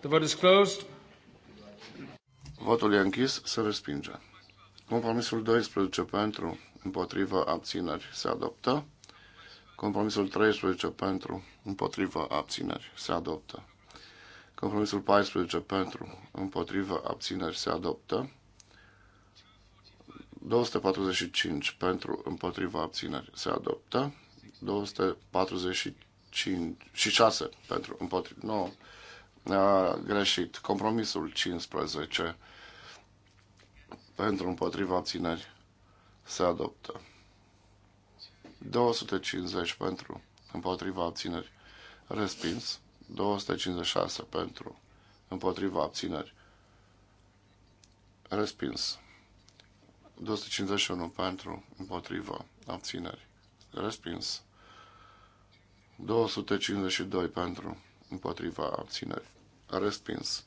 S2: The vote is closed.
S1: Votul e închis, se respinge. Compromisul 12 pentru, împotriva abțineri se adoptă. Compromisul 13 pentru, împotriva abțineri se adoptă. Compromisul 14 pentru, împotriva abțineri se adoptă. 245 pentru împotriva abțineri se adoptă. 245 și 6 pentru împotriva. Nu, a greșit. Compromisul 15 pentru împotriva abțineri se adoptă. 250 pentru împotriva abțineri respins. 256 pentru împotriva abțineri respins. 251 pentru, împotrivă, abțineri, respins. 252 pentru, împotriva, abțineri, respins.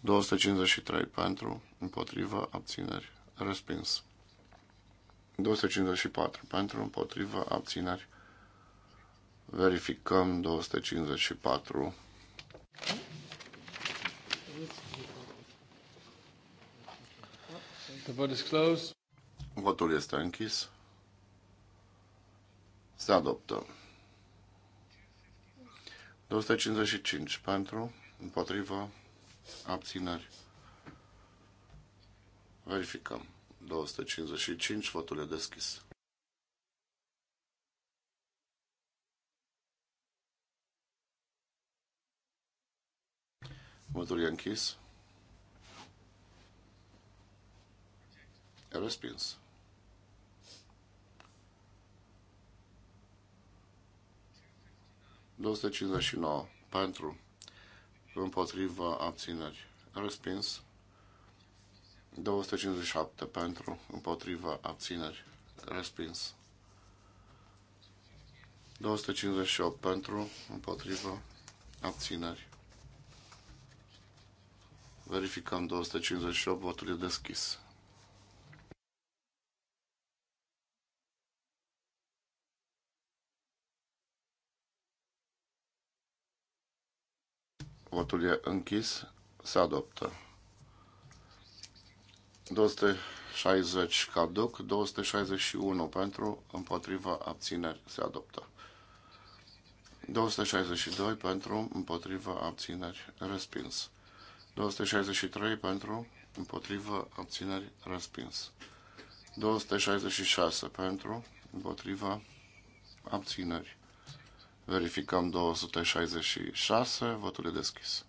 S1: 253 pentru, împotriva, abțineri, respins. 254 pentru, împotriva, abțineri. Verificăm 254. Okay. The vote is closed. Votul este închis. Se adoptă. 255 pentru, împotrivă, abțineri. Verificăm. 255, votul e deschis. Votul e închis. Respins. ...259 pentru, împotriva abțineri. Respins. 257 pentru, împotriva abțineri. Respins. 258 pentru, împotriva abțineri. Verificăm 258, votul e deschis. Votul e închis. Se adoptă. 260 caduc, 261 pentru, împotriva, abțineri, se adoptă. 262 pentru, împotriva, abțineri, respins. 263 pentru, împotriva, abțineri, respins. 266 pentru, împotriva, abțineri. Verificăm 266, votul e deschis.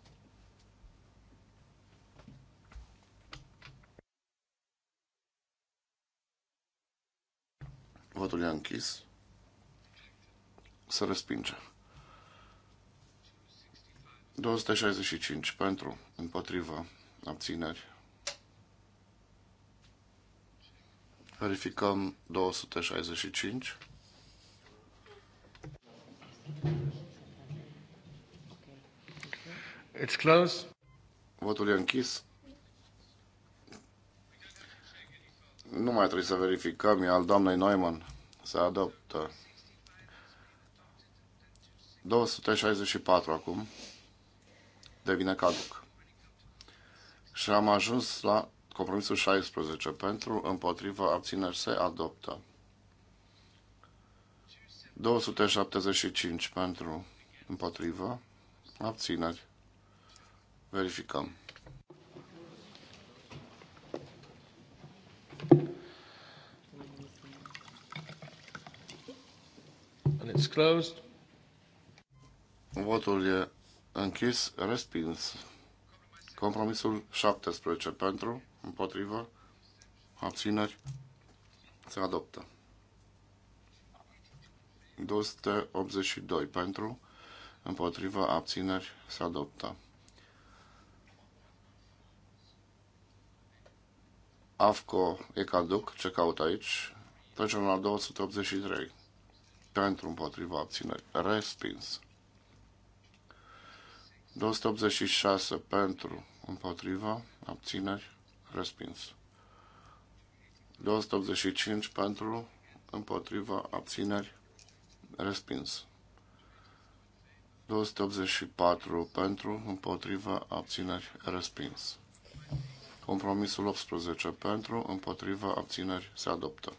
S1: Votul e închis. Se respinge. 265 pentru, împotriva, abțineri. Verificăm 265. It's close. Votul e închis. Nu mai trebuie să verificăm, e al doamnei Neumann. Se adoptă. 264 acum. Devine caduc. Și am ajuns la compromisul 16. Pentru, împotriva, abțineri se adoptă. 275 pentru împotrivă. Abțineri. Verificăm. And it's closed. Votul e închis, respins. Compromisul 17 pentru, împotrivă, abțineri, se adoptă. 282 pentru, împotriva abțineri se adoptă. AFCO e caduc, ce caut aici? Trecem la 283. Pentru împotriva abțineri. Respins. 286 pentru împotriva abțineri. Respins. 285 pentru împotriva abțineri. Respins. 284 pentru, împotriva, abțineri, respins. Compromisul 18 pentru, împotriva, abțineri, se adoptă.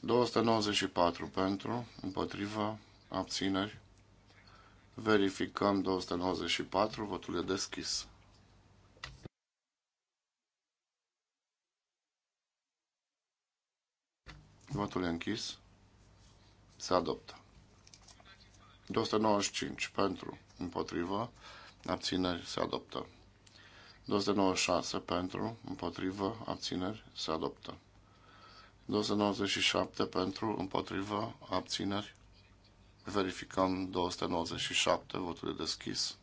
S1: 294 pentru, împotriva, abțineri. Verificăm 294, votul e deschis. Votul e închis se adoptă. 295 pentru, împotrivă, abțineri, se adoptă. 296 pentru, împotrivă, abțineri, se adoptă. 297 pentru, împotrivă, abțineri. Verificăm 297, votul e deschis.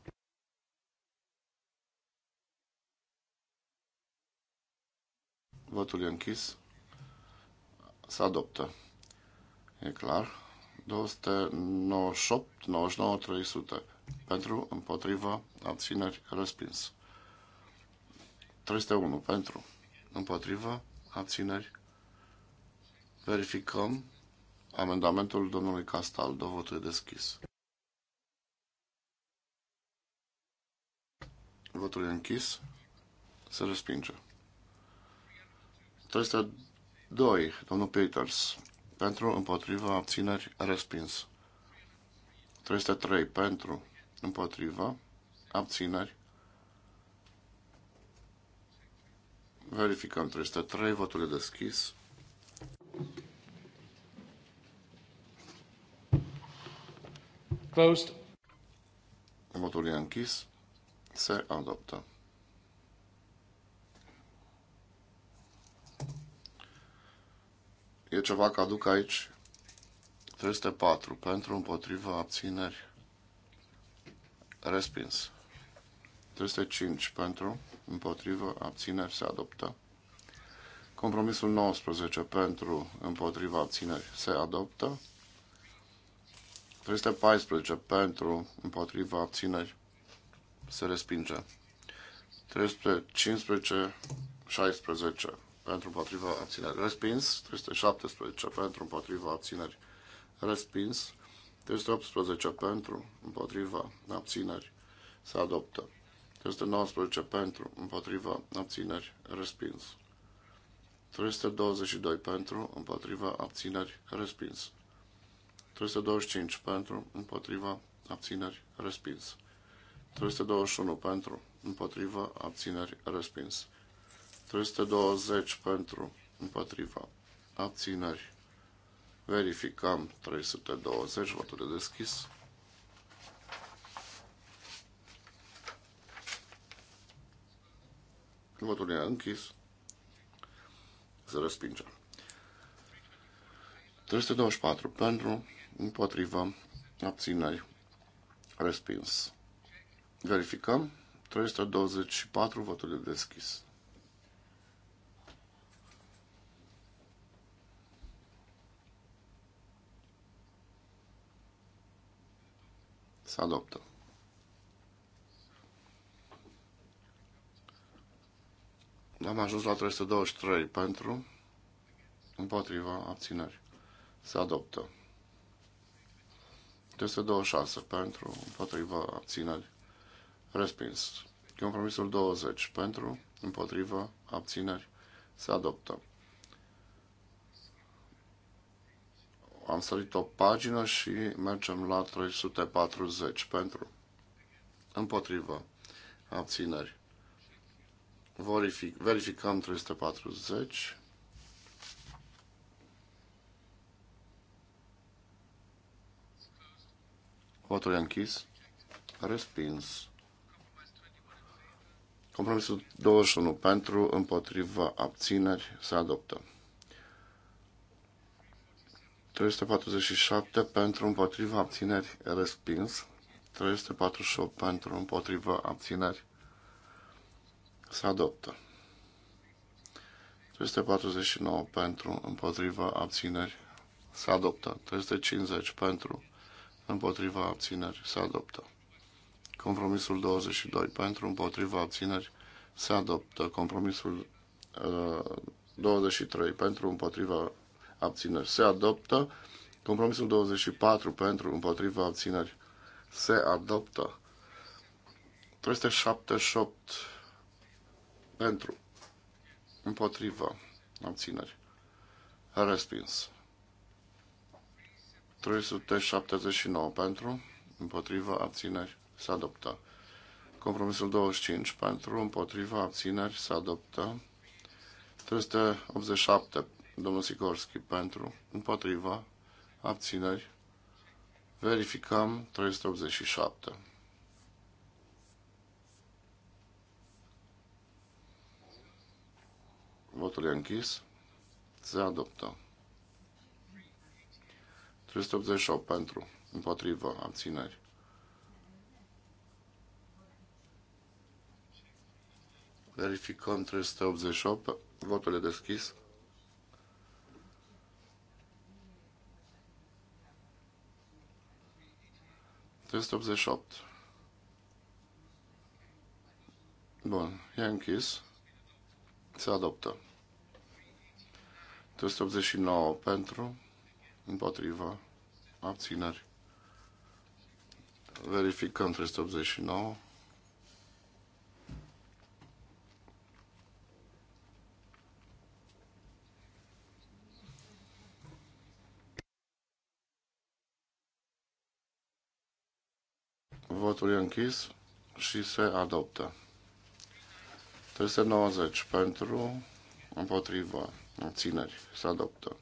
S1: Votul e închis. Se adoptă. E clar. 298, 99, 300. Pentru, împotriva, abțineri, respins. 301. Pentru, împotriva, abțineri. Verificăm amendamentul domnului Castal, Votul e deschis. Votul e închis. Se respinge. 302. Domnul Peters pentru, împotriva, abțineri, respins. 303 pentru, împotriva, abțineri. Verificăm 303, votul e deschis. Closed. Votul e închis. Se adoptă. e ceva aduc aici. 304 pentru, împotriva, abțineri, respins. 305 pentru, împotriva, abțineri, se adoptă. Compromisul 19 pentru, împotriva, abțineri, se adoptă. 314 pentru, împotriva, abțineri, se respinge. 315, 16 pentru împotriva abțineri respins, 317 pentru împotriva abțineri respins, 318 pentru împotriva abțineri se adoptă, 319 pentru împotriva abțineri respins, 322 pentru împotriva abțineri respins, 325 pentru împotriva abțineri respins, 321 pentru împotriva abțineri respins. 320 pentru, împotriva, abțineri. Verificăm 320, votul de deschis. Votul e închis. Se respinge. 324 pentru, împotriva, abțineri, respins. Verificăm. 324, votul de deschis. să adoptă. Am ajuns la 323 pentru, împotriva, abțineri. Se adoptă. 326 pentru, împotriva, abțineri. Respins. Compromisul 20 pentru, împotriva, abțineri. Se adoptă. am sărit o pagină și mergem la 340 pentru împotrivă abțineri. Verific, verificăm 340. Votul e închis. Respins. Compromisul 21 pentru, împotriva, abțineri, se adoptă. 347 pentru împotriva abțineri respins. 348 pentru împotriva abțineri se adoptă. 349 pentru împotriva abțineri se adoptă. 350 pentru împotriva abțineri se adoptă. Compromisul 22 pentru împotriva abțineri se adoptă. Compromisul uh, 23 pentru împotriva abțineri se adoptă. Compromisul 24 pentru, împotriva, abțineri se adoptă. 378 pentru, împotriva, abțineri, respins. 379 pentru, împotriva, abțineri, se adoptă. Compromisul 25 pentru, împotriva, abțineri, se adoptă. 387 Domnul Sikorski pentru, împotriva, abțineri. Verificăm 387. Votul e închis. Se adoptă. 388 pentru, împotriva abțineri. Verificăm 388. Votul e deschis. 388. Bun, e închis. Se adoptă. 389 pentru, împotriva, abțineri. Verificăm 389. Votul e închis și se adoptă. 390 pentru, împotriva, abțineri, se adoptă.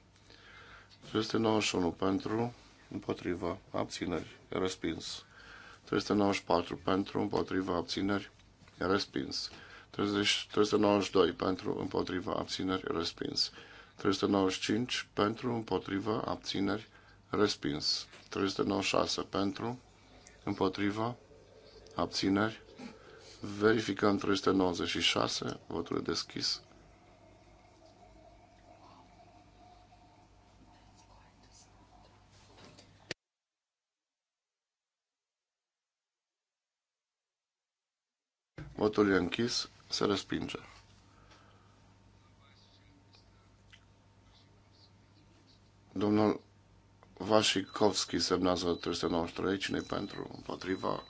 S1: 391 pentru, împotriva, abțineri, e respins. 394 pentru, împotriva, abțineri, e respins. 30, 392 pentru, împotriva, abțineri, e respins. 395 pentru, împotriva, abțineri, respins. 396 pentru, împotriva, abțineri. Verificăm 396, votul deschis. Votul e închis, se respinge. Domnul Vasikovski semnează 393, cine pentru, împotriva,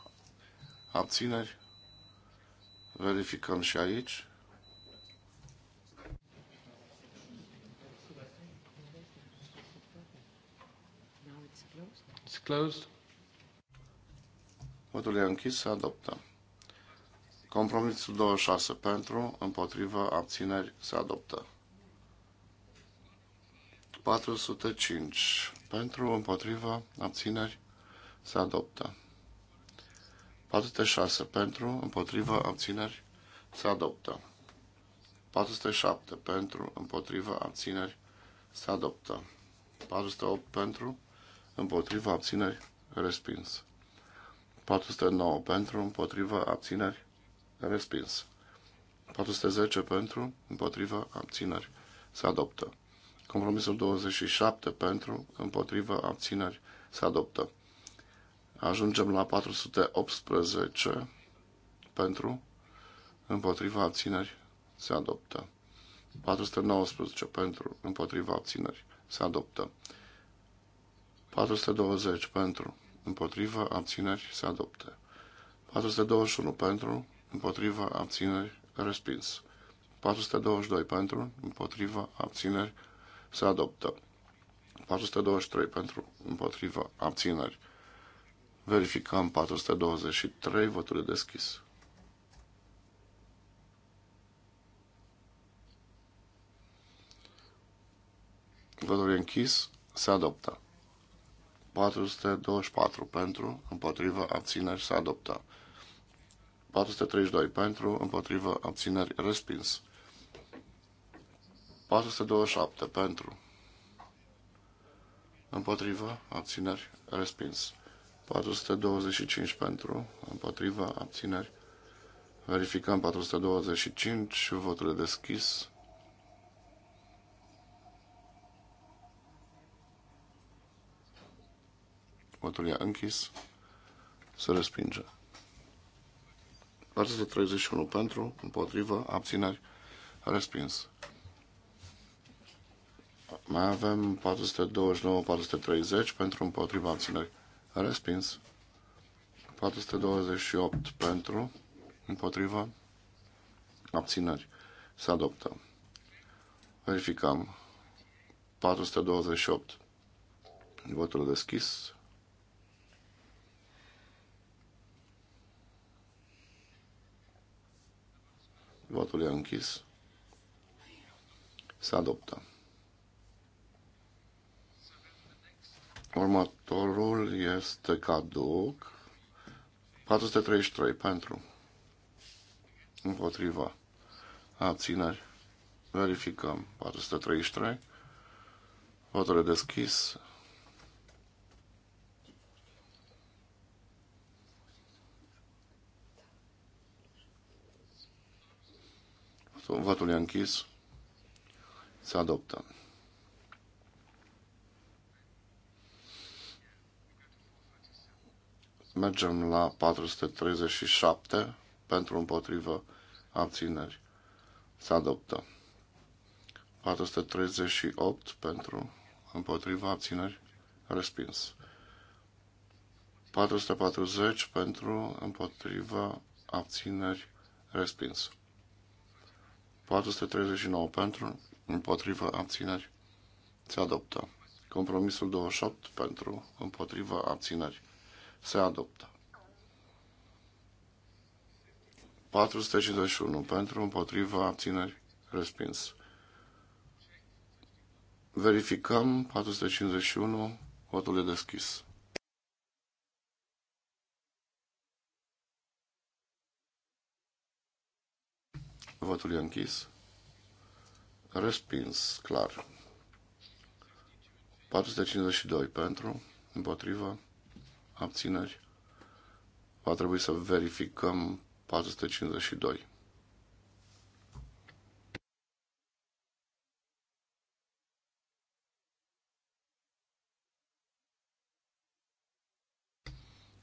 S1: Abțineri? Verificăm și aici. It's closed. Votul e închis, se adoptă. Compromisul 26 pentru, împotrivă, abțineri, se adoptă. 405 pentru, împotrivă, abțineri, se adoptă. 406 pentru, împotrivă, abțineri, se adoptă. 407 pentru, împotrivă, abțineri, se adoptă. 408 pentru, împotrivă, abțineri, respins. 409 pentru, împotrivă, abțineri, respins. 410 pentru, împotrivă, abțineri, se adoptă. Compromisul 27 pentru, împotrivă, abțineri, se adoptă. Ajungem la 418 pentru, împotriva abțineri, se adoptă. 419 pentru, împotriva abțineri, se adoptă. 420 pentru, împotriva abțineri, se adoptă. 421 pentru, împotriva abțineri, respins. 422 pentru, împotriva abțineri, se adoptă. 423 pentru, împotriva abțineri, Verificăm 423, votul deschis. Votul e închis, se adoptă. 424 pentru, împotrivă, abțineri, se adoptă. 432 pentru, împotrivă, abțineri, respins. 427 pentru, împotrivă, abțineri, respins. 425 pentru, împotriva, abțineri. Verificăm 425, votul deschis. Votul e închis. Se respinge. 431 pentru, împotriva, abțineri, respins. Mai avem 429-430 pentru împotriva abțineri. Respins. 428 pentru, împotriva, abțineri. Se adoptă. Verificăm. 428. Votul deschis. Votul e închis. Se adoptă. Următorul este caduc. 433 pentru. Împotriva. Abțineri. Verificăm. 433. Votul deschis. Votul e închis. Se adoptă. Mergem la 437 pentru împotrivă abțineri. Se adoptă. 438 pentru împotriva abțineri. Respins. 440 pentru împotriva abțineri. Respins. 439 pentru împotriva abțineri. Se adoptă. Compromisul 28 pentru împotriva abțineri se adoptă. 451 pentru, împotriva, abțineri, respins. Verificăm 451, votul e deschis. Votul e închis. Respins, clar. 452 pentru, împotriva, abțineri, va trebui să verificăm 452.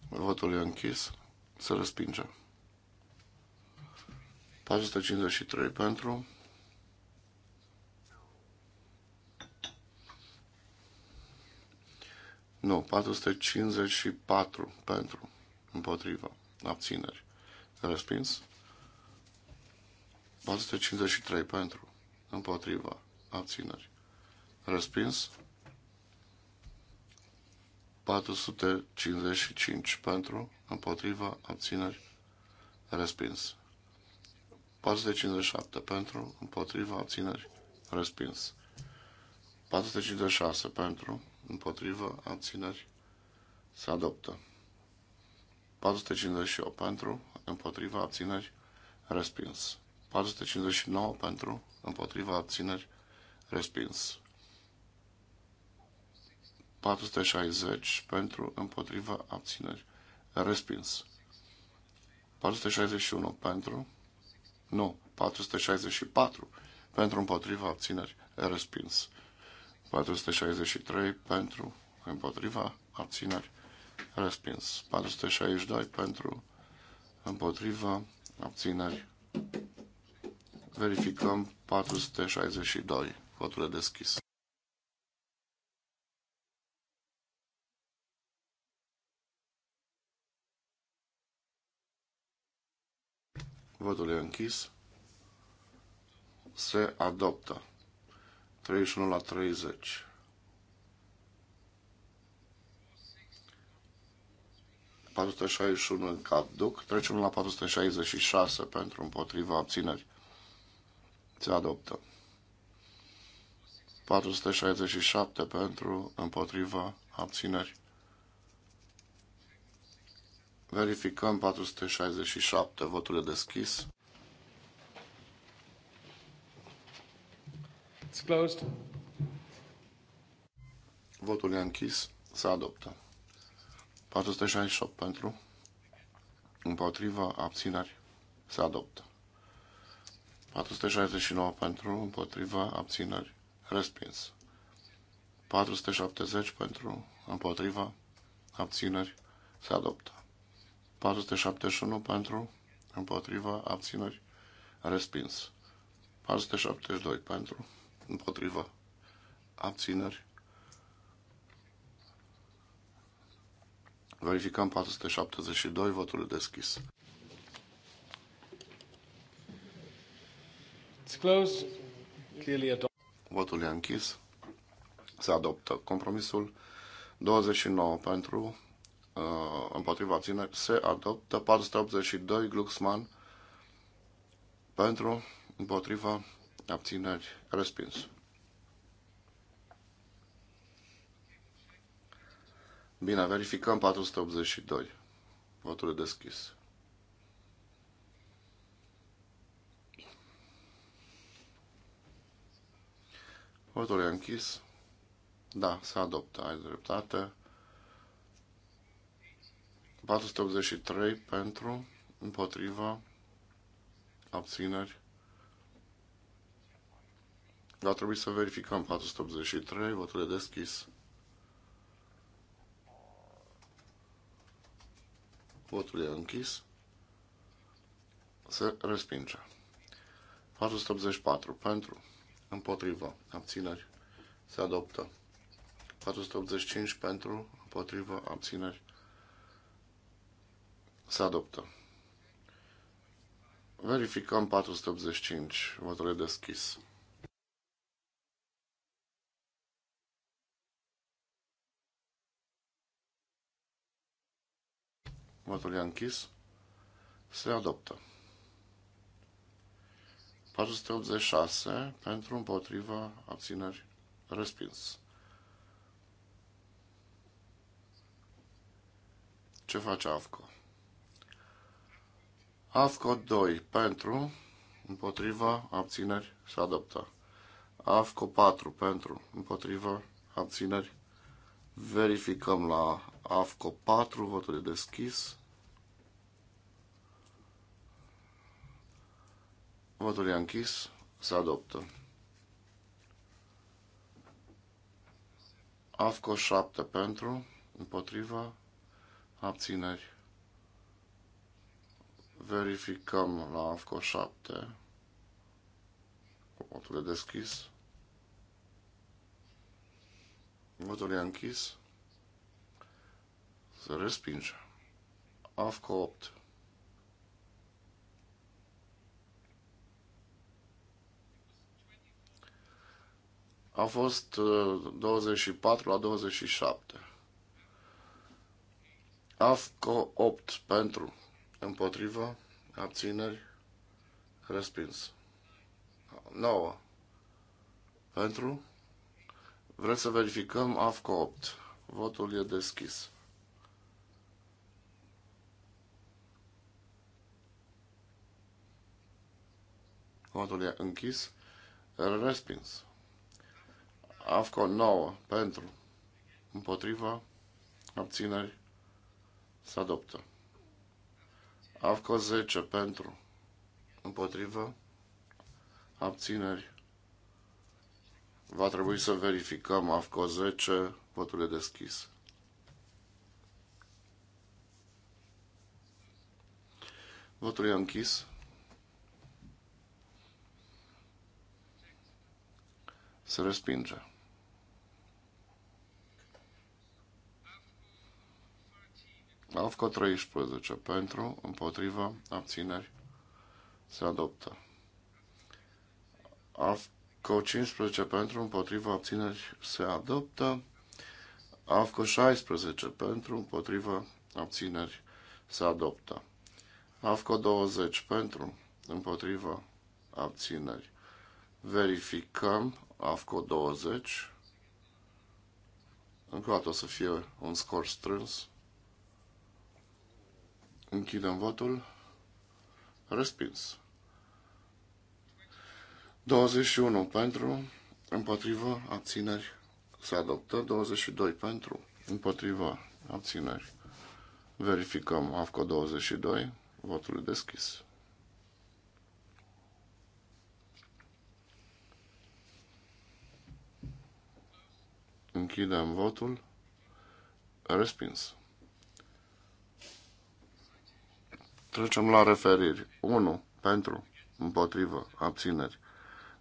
S1: Votul e închis. Se respinge. 453 pentru, Nu, 454 pentru, împotriva, abțineri. Respins. 453 pentru, împotriva, abțineri. Respins. 455 pentru, împotriva, abțineri, respins. 457 pentru, împotriva, abțineri, respins. 456 pentru, împotrivă, abțineri, se adoptă. 458 pentru, împotriva, abțineri, respins. 459 pentru, împotriva, abțineri, respins. 460 pentru, împotriva, abțineri, respins. 461 pentru, nu, 464 pentru, împotriva, abțineri, respins. 463 pentru, împotriva, abțineri, respins. 462 pentru, împotriva, abțineri. Verificăm 462. Votul deschis. Votul e închis. Se adoptă. 31 la 30. în caduc, trecem la 466 pentru împotriva abțineri. Se adoptă. 467 pentru împotriva abțineri. Verificăm 467. Votul deschis. It's closed. Votul e închis. Se adoptă. 468 pentru. Împotriva abțineri. Se adoptă. 469 pentru. Împotriva abțineri. Respins. 470 pentru. Împotriva abțineri. Se adoptă. 471 pentru. Împotriva abțineri. Respins. 472 pentru împotriva abținări. Verificăm 472, votul deschis. It's close. Clearly votul e închis. Se adoptă compromisul. 29 pentru, uh, împotriva abțineri, se adoptă. 482, Glucksmann, pentru, împotriva abțineri, respins. Bine, verificăm 482. Votul e deschis. Votul e închis. Da, se adoptă. Ai dreptate. 483 pentru, împotriva, abțineri, Va trebui să verificăm 483, votul e deschis. Votul e închis. Se respinge. 484 pentru, împotrivă, abțineri, se adoptă. 485 pentru, împotrivă, abțineri, se adoptă. Verificăm 485, votul e deschis. Votul e închis. Se adoptă. 486 pentru împotriva abțineri respins. Ce face AFCO? AFCO 2 pentru împotriva abțineri se adoptă. AFCO 4 pentru împotriva abțineri verificăm la AFCO 4, votul e deschis. Votul e închis. Se adoptă. AFCO 7 pentru, împotriva, abțineri. Verificăm la AFCO 7. Votul e deschis. Votul e închis. Se respinge. AFCO 8. A fost 24 uh, la 27. AFCO 8 pentru împotriva abțineri respins. 9 pentru Vreți să verificăm AFCO 8. Votul e deschis. Votul e închis. Respins. AFCO 9 pentru. Împotriva. Abțineri. Se adoptă. AFCO 10 pentru. Împotriva. Abțineri. Va trebui să verificăm AFCO 10. Votul e deschis. Votul e închis. Se respinge. AFCO 13 pentru, împotriva, abțineri, se adoptă. AFCO 15 pentru, împotriva, abțineri, se adoptă. AFCO 16 pentru, împotriva, abțineri, se adoptă. AFCO 20 pentru, împotriva, abțineri. Verificăm AFCO 20. Încă o dată o să fie un scor strâns. Închidem votul. Respins. 21 pentru, împotrivă, abțineri. Se adoptă 22 pentru, împotrivă, abțineri. Verificăm AFCO 22. Votul deschis. Închidem votul. Respins. Trecem la referiri. 1. Pentru. Împotrivă. Abțineri.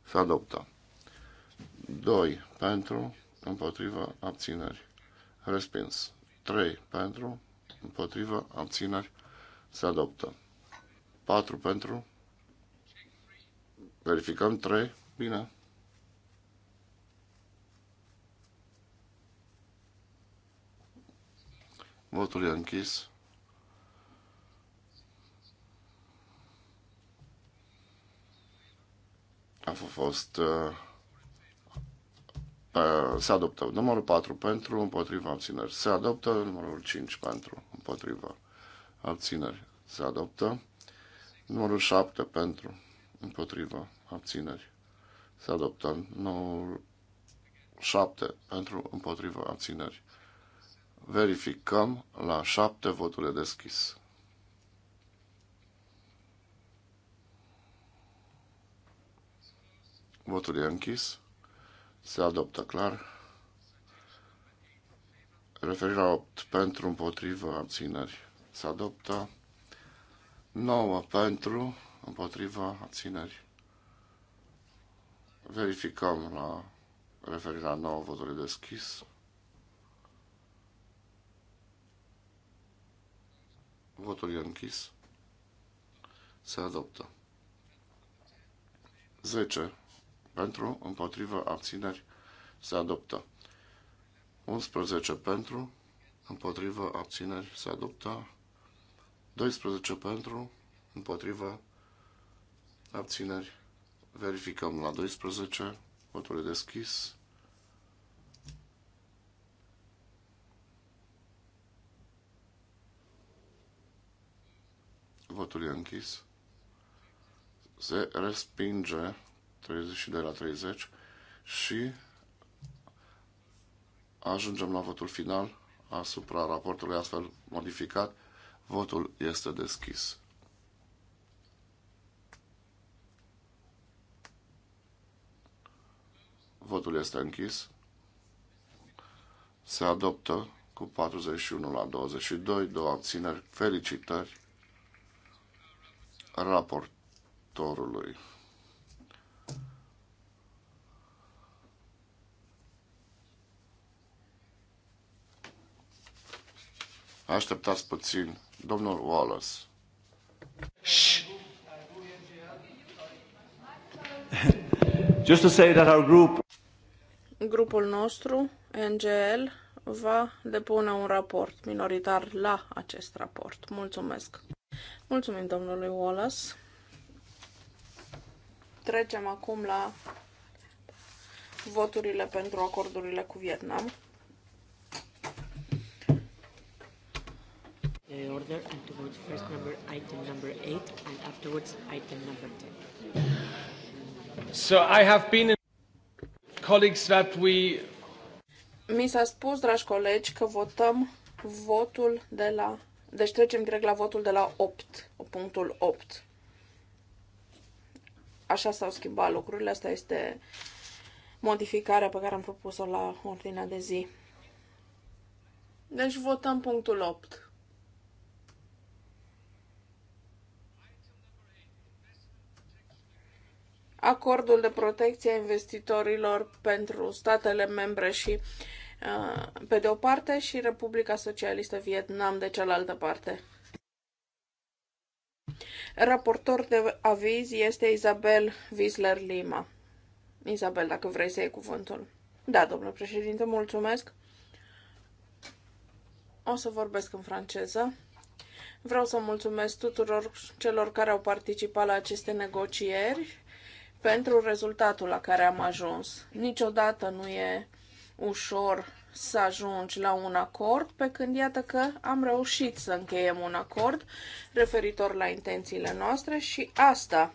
S1: Se adoptă. 2. Pentru. Împotrivă. Abțineri. Respins. 3. Pentru. Împotrivă. Abțineri. Se adoptă. 4. Pentru. Verificăm 3. Bine. Votul e închis. A fost Uh, uh, se adoptă numărul 4 pentru, împotriva abțineri. Se adoptă numărul 5 pentru, împotriva abțineri. Se adoptă numărul 7 pentru, împotriva abțineri. Se adoptă numărul 7 pentru, împotriva abțineri. Verificăm la șapte voturi deschis. Votul e închis. Se adoptă clar. Referirea 8 pentru împotrivă abțineri. Se adoptă 9 pentru împotrivă abțineri. Verificăm la referirea 9 votul deschis. Votul e închis. Se adoptă. 10. Pentru, împotrivă, abțineri, se adoptă. 11. Pentru, împotrivă, abțineri, se adoptă. 12. Pentru, împotrivă, abțineri. Verificăm la 12. Votul e deschis. Votul e închis. Se respinge 32 la 30 și ajungem la votul final asupra raportului astfel modificat. Votul este deschis. Votul este închis. Se adoptă cu 41 la 22, două abțineri. Felicitări raportorului. Așteptați puțin, domnul Wallace. Just to say that our group...
S2: Grupul nostru, NGL, va depune un raport minoritar la acest raport. Mulțumesc! Mulțumim domnului Wallace. Trecem acum la voturile pentru acordurile cu Vietnam.
S3: The order and to vote first number item number 8 and afterwards item number
S2: 10. So I have been in colleagues that we Mi s-a spus, dragi colegi, că votăm votul de la deci trecem direct la votul de la 8, punctul 8. Așa s-au schimbat lucrurile, asta este modificarea pe care am propus-o la ordinea de zi. Deci votăm punctul 8. Acordul de protecție a investitorilor pentru statele membre și Uh, pe de o parte și Republica Socialistă Vietnam de cealaltă parte. Raportor de aviz este Isabel Wiesler Lima. Isabel, dacă vrei să iei cuvântul. Da, domnule președinte, mulțumesc. O să vorbesc în franceză. Vreau să mulțumesc tuturor celor care au participat la aceste negocieri pentru rezultatul la care am ajuns. Niciodată nu e ușor să ajungi la un acord, pe când iată că am reușit să încheiem un acord referitor la intențiile noastre și asta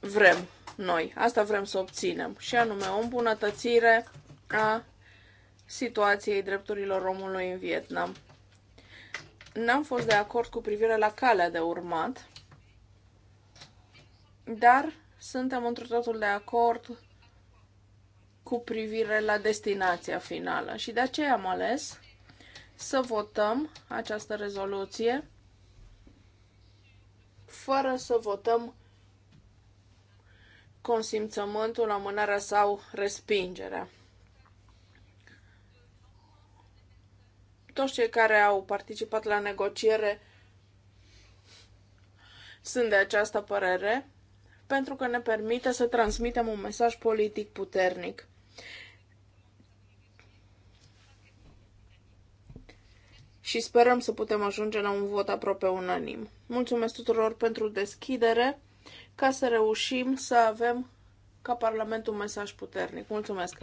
S2: vrem noi, asta vrem să obținem, și anume o îmbunătățire a situației drepturilor omului în Vietnam. N-am fost de acord cu privire la calea de urmat, dar suntem într totul de acord cu privire la destinația finală. Și de aceea am ales să votăm această rezoluție fără să votăm consimțământul, amânarea sau respingerea. Toți cei care au participat la negociere sunt de această părere pentru că ne permite să transmitem un mesaj politic puternic. și sperăm să putem ajunge la un vot aproape unanim. Mulțumesc tuturor pentru deschidere ca să reușim să avem ca Parlament un mesaj puternic. Mulțumesc!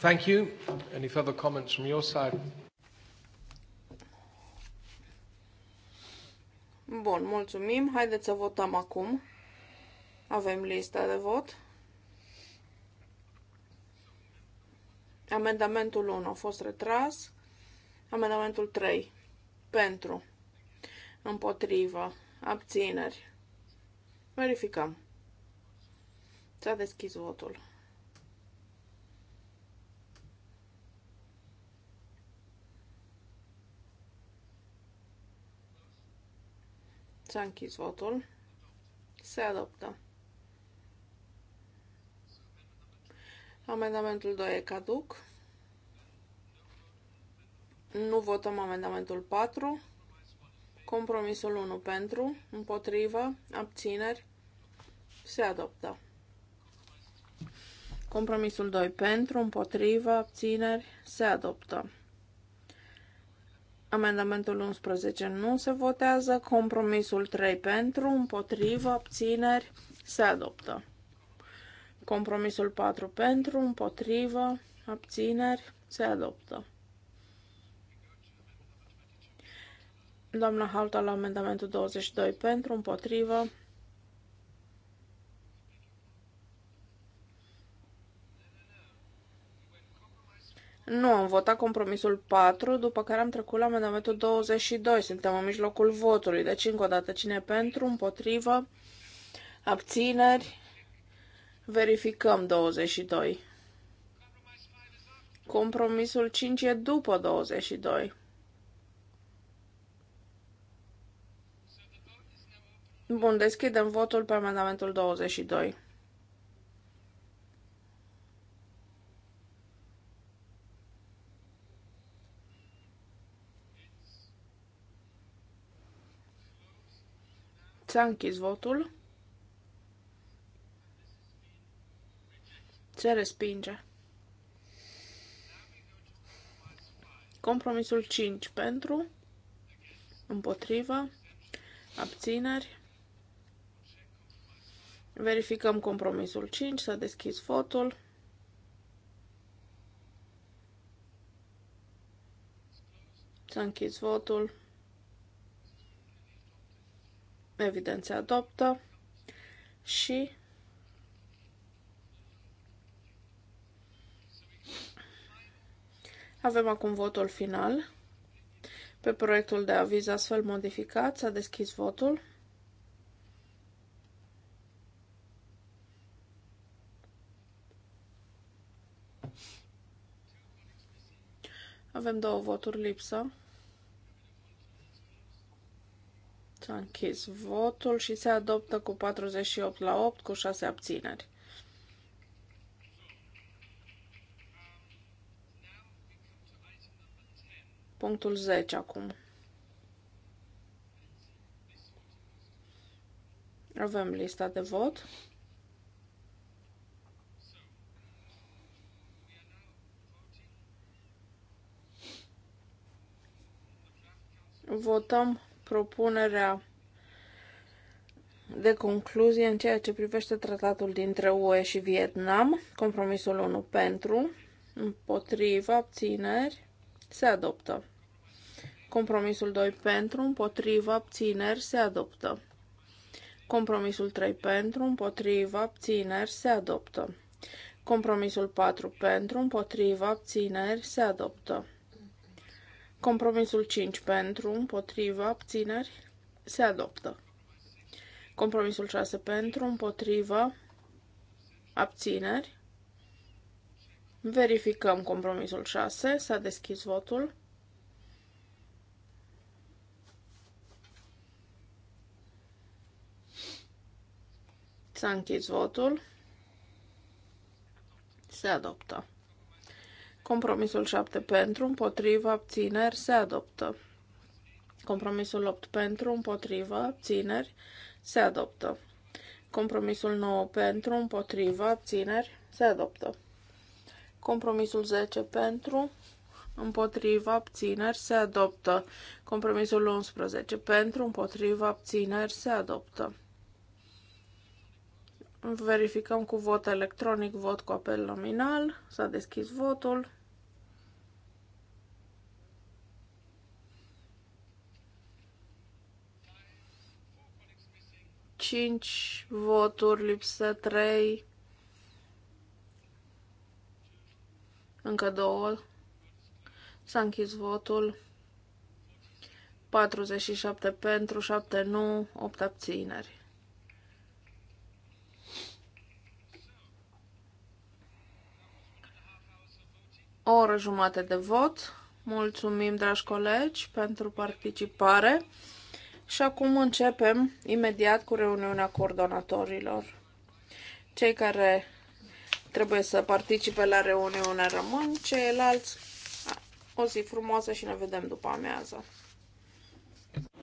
S3: Thank you. Any further comments from your side?
S2: Bun, mulțumim. Haideți să votăm acum. Avem lista de vot. Amendamentul 1 a fost retras. Amendamentul 3 pentru, împotrivă, abțineri. Verificăm. S-a deschis votul. S-a închis votul. Se adoptă. Amendamentul 2 e caduc. Nu votăm amendamentul 4. Compromisul 1 pentru, împotrivă, abțineri, se adoptă. Compromisul 2 pentru, împotrivă, abțineri, se adoptă. Amendamentul 11 nu se votează. Compromisul 3 pentru, împotrivă, abțineri, se adoptă. Compromisul 4 pentru, împotrivă, abțineri, se adoptă. Doamna Halta la amendamentul 22 pentru, împotrivă. Nu, am votat compromisul 4, după care am trecut la amendamentul 22. Suntem în mijlocul votului. Deci, încă o dată, cine pentru, împotrivă, abțineri, Verificăm 22. Compromisul 5 e după 22. Bun, deschidem votul pe amendamentul 22. S-a închis votul. Se respinge. Compromisul 5 pentru, împotrivă, abțineri. Verificăm compromisul 5, s-a deschis fotul, S-a închis votul. Evident se adoptă și Avem acum votul final. Pe proiectul de aviz astfel modificat s-a deschis votul. Avem două voturi lipsă. S-a închis votul și se adoptă cu 48 la 8 cu 6 abțineri. Punctul 10 acum. Avem lista de vot. Votăm propunerea de concluzie în ceea ce privește tratatul dintre UE și Vietnam, compromisul 1 pentru, împotriva, abțineri, se adoptă. Compromisul 2 pentru, împotriva, abțineri, se adoptă. Compromisul 3 pentru, împotriva, abțineri, se adoptă. Compromisul 4 pentru, împotriva, abțineri, se adoptă. Compromisul 5 pentru, împotriva, abțineri, se adoptă. Compromisul 6 pentru, împotriva, abțineri. Verificăm compromisul 6. S-a deschis votul. Să închizi votul. Se adoptă. Compromisul 7 pentru, împotrivă, abțineri, se adoptă. Compromisul 8 pentru, împotrivă, abțineri, se adoptă. Compromisul 9 pentru, împotrivă, abțineri, se adoptă. Compromisul 10 pentru, împotriva abțineri se adoptă. Compromisul 11 pentru împotriva abțineri se adoptă. Verificăm cu vot electronic, vot cu apel nominal. S-a deschis votul. Cinci voturi, lipsă trei. Încă două. S-a închis votul. 47 pentru, 7 nu, 8 abțineri. o oră jumate de vot. Mulțumim, dragi colegi, pentru participare. Și acum începem imediat cu reuniunea coordonatorilor. Cei care trebuie să participe la reuniune rămân, ceilalți o zi frumoasă și ne vedem după amiază.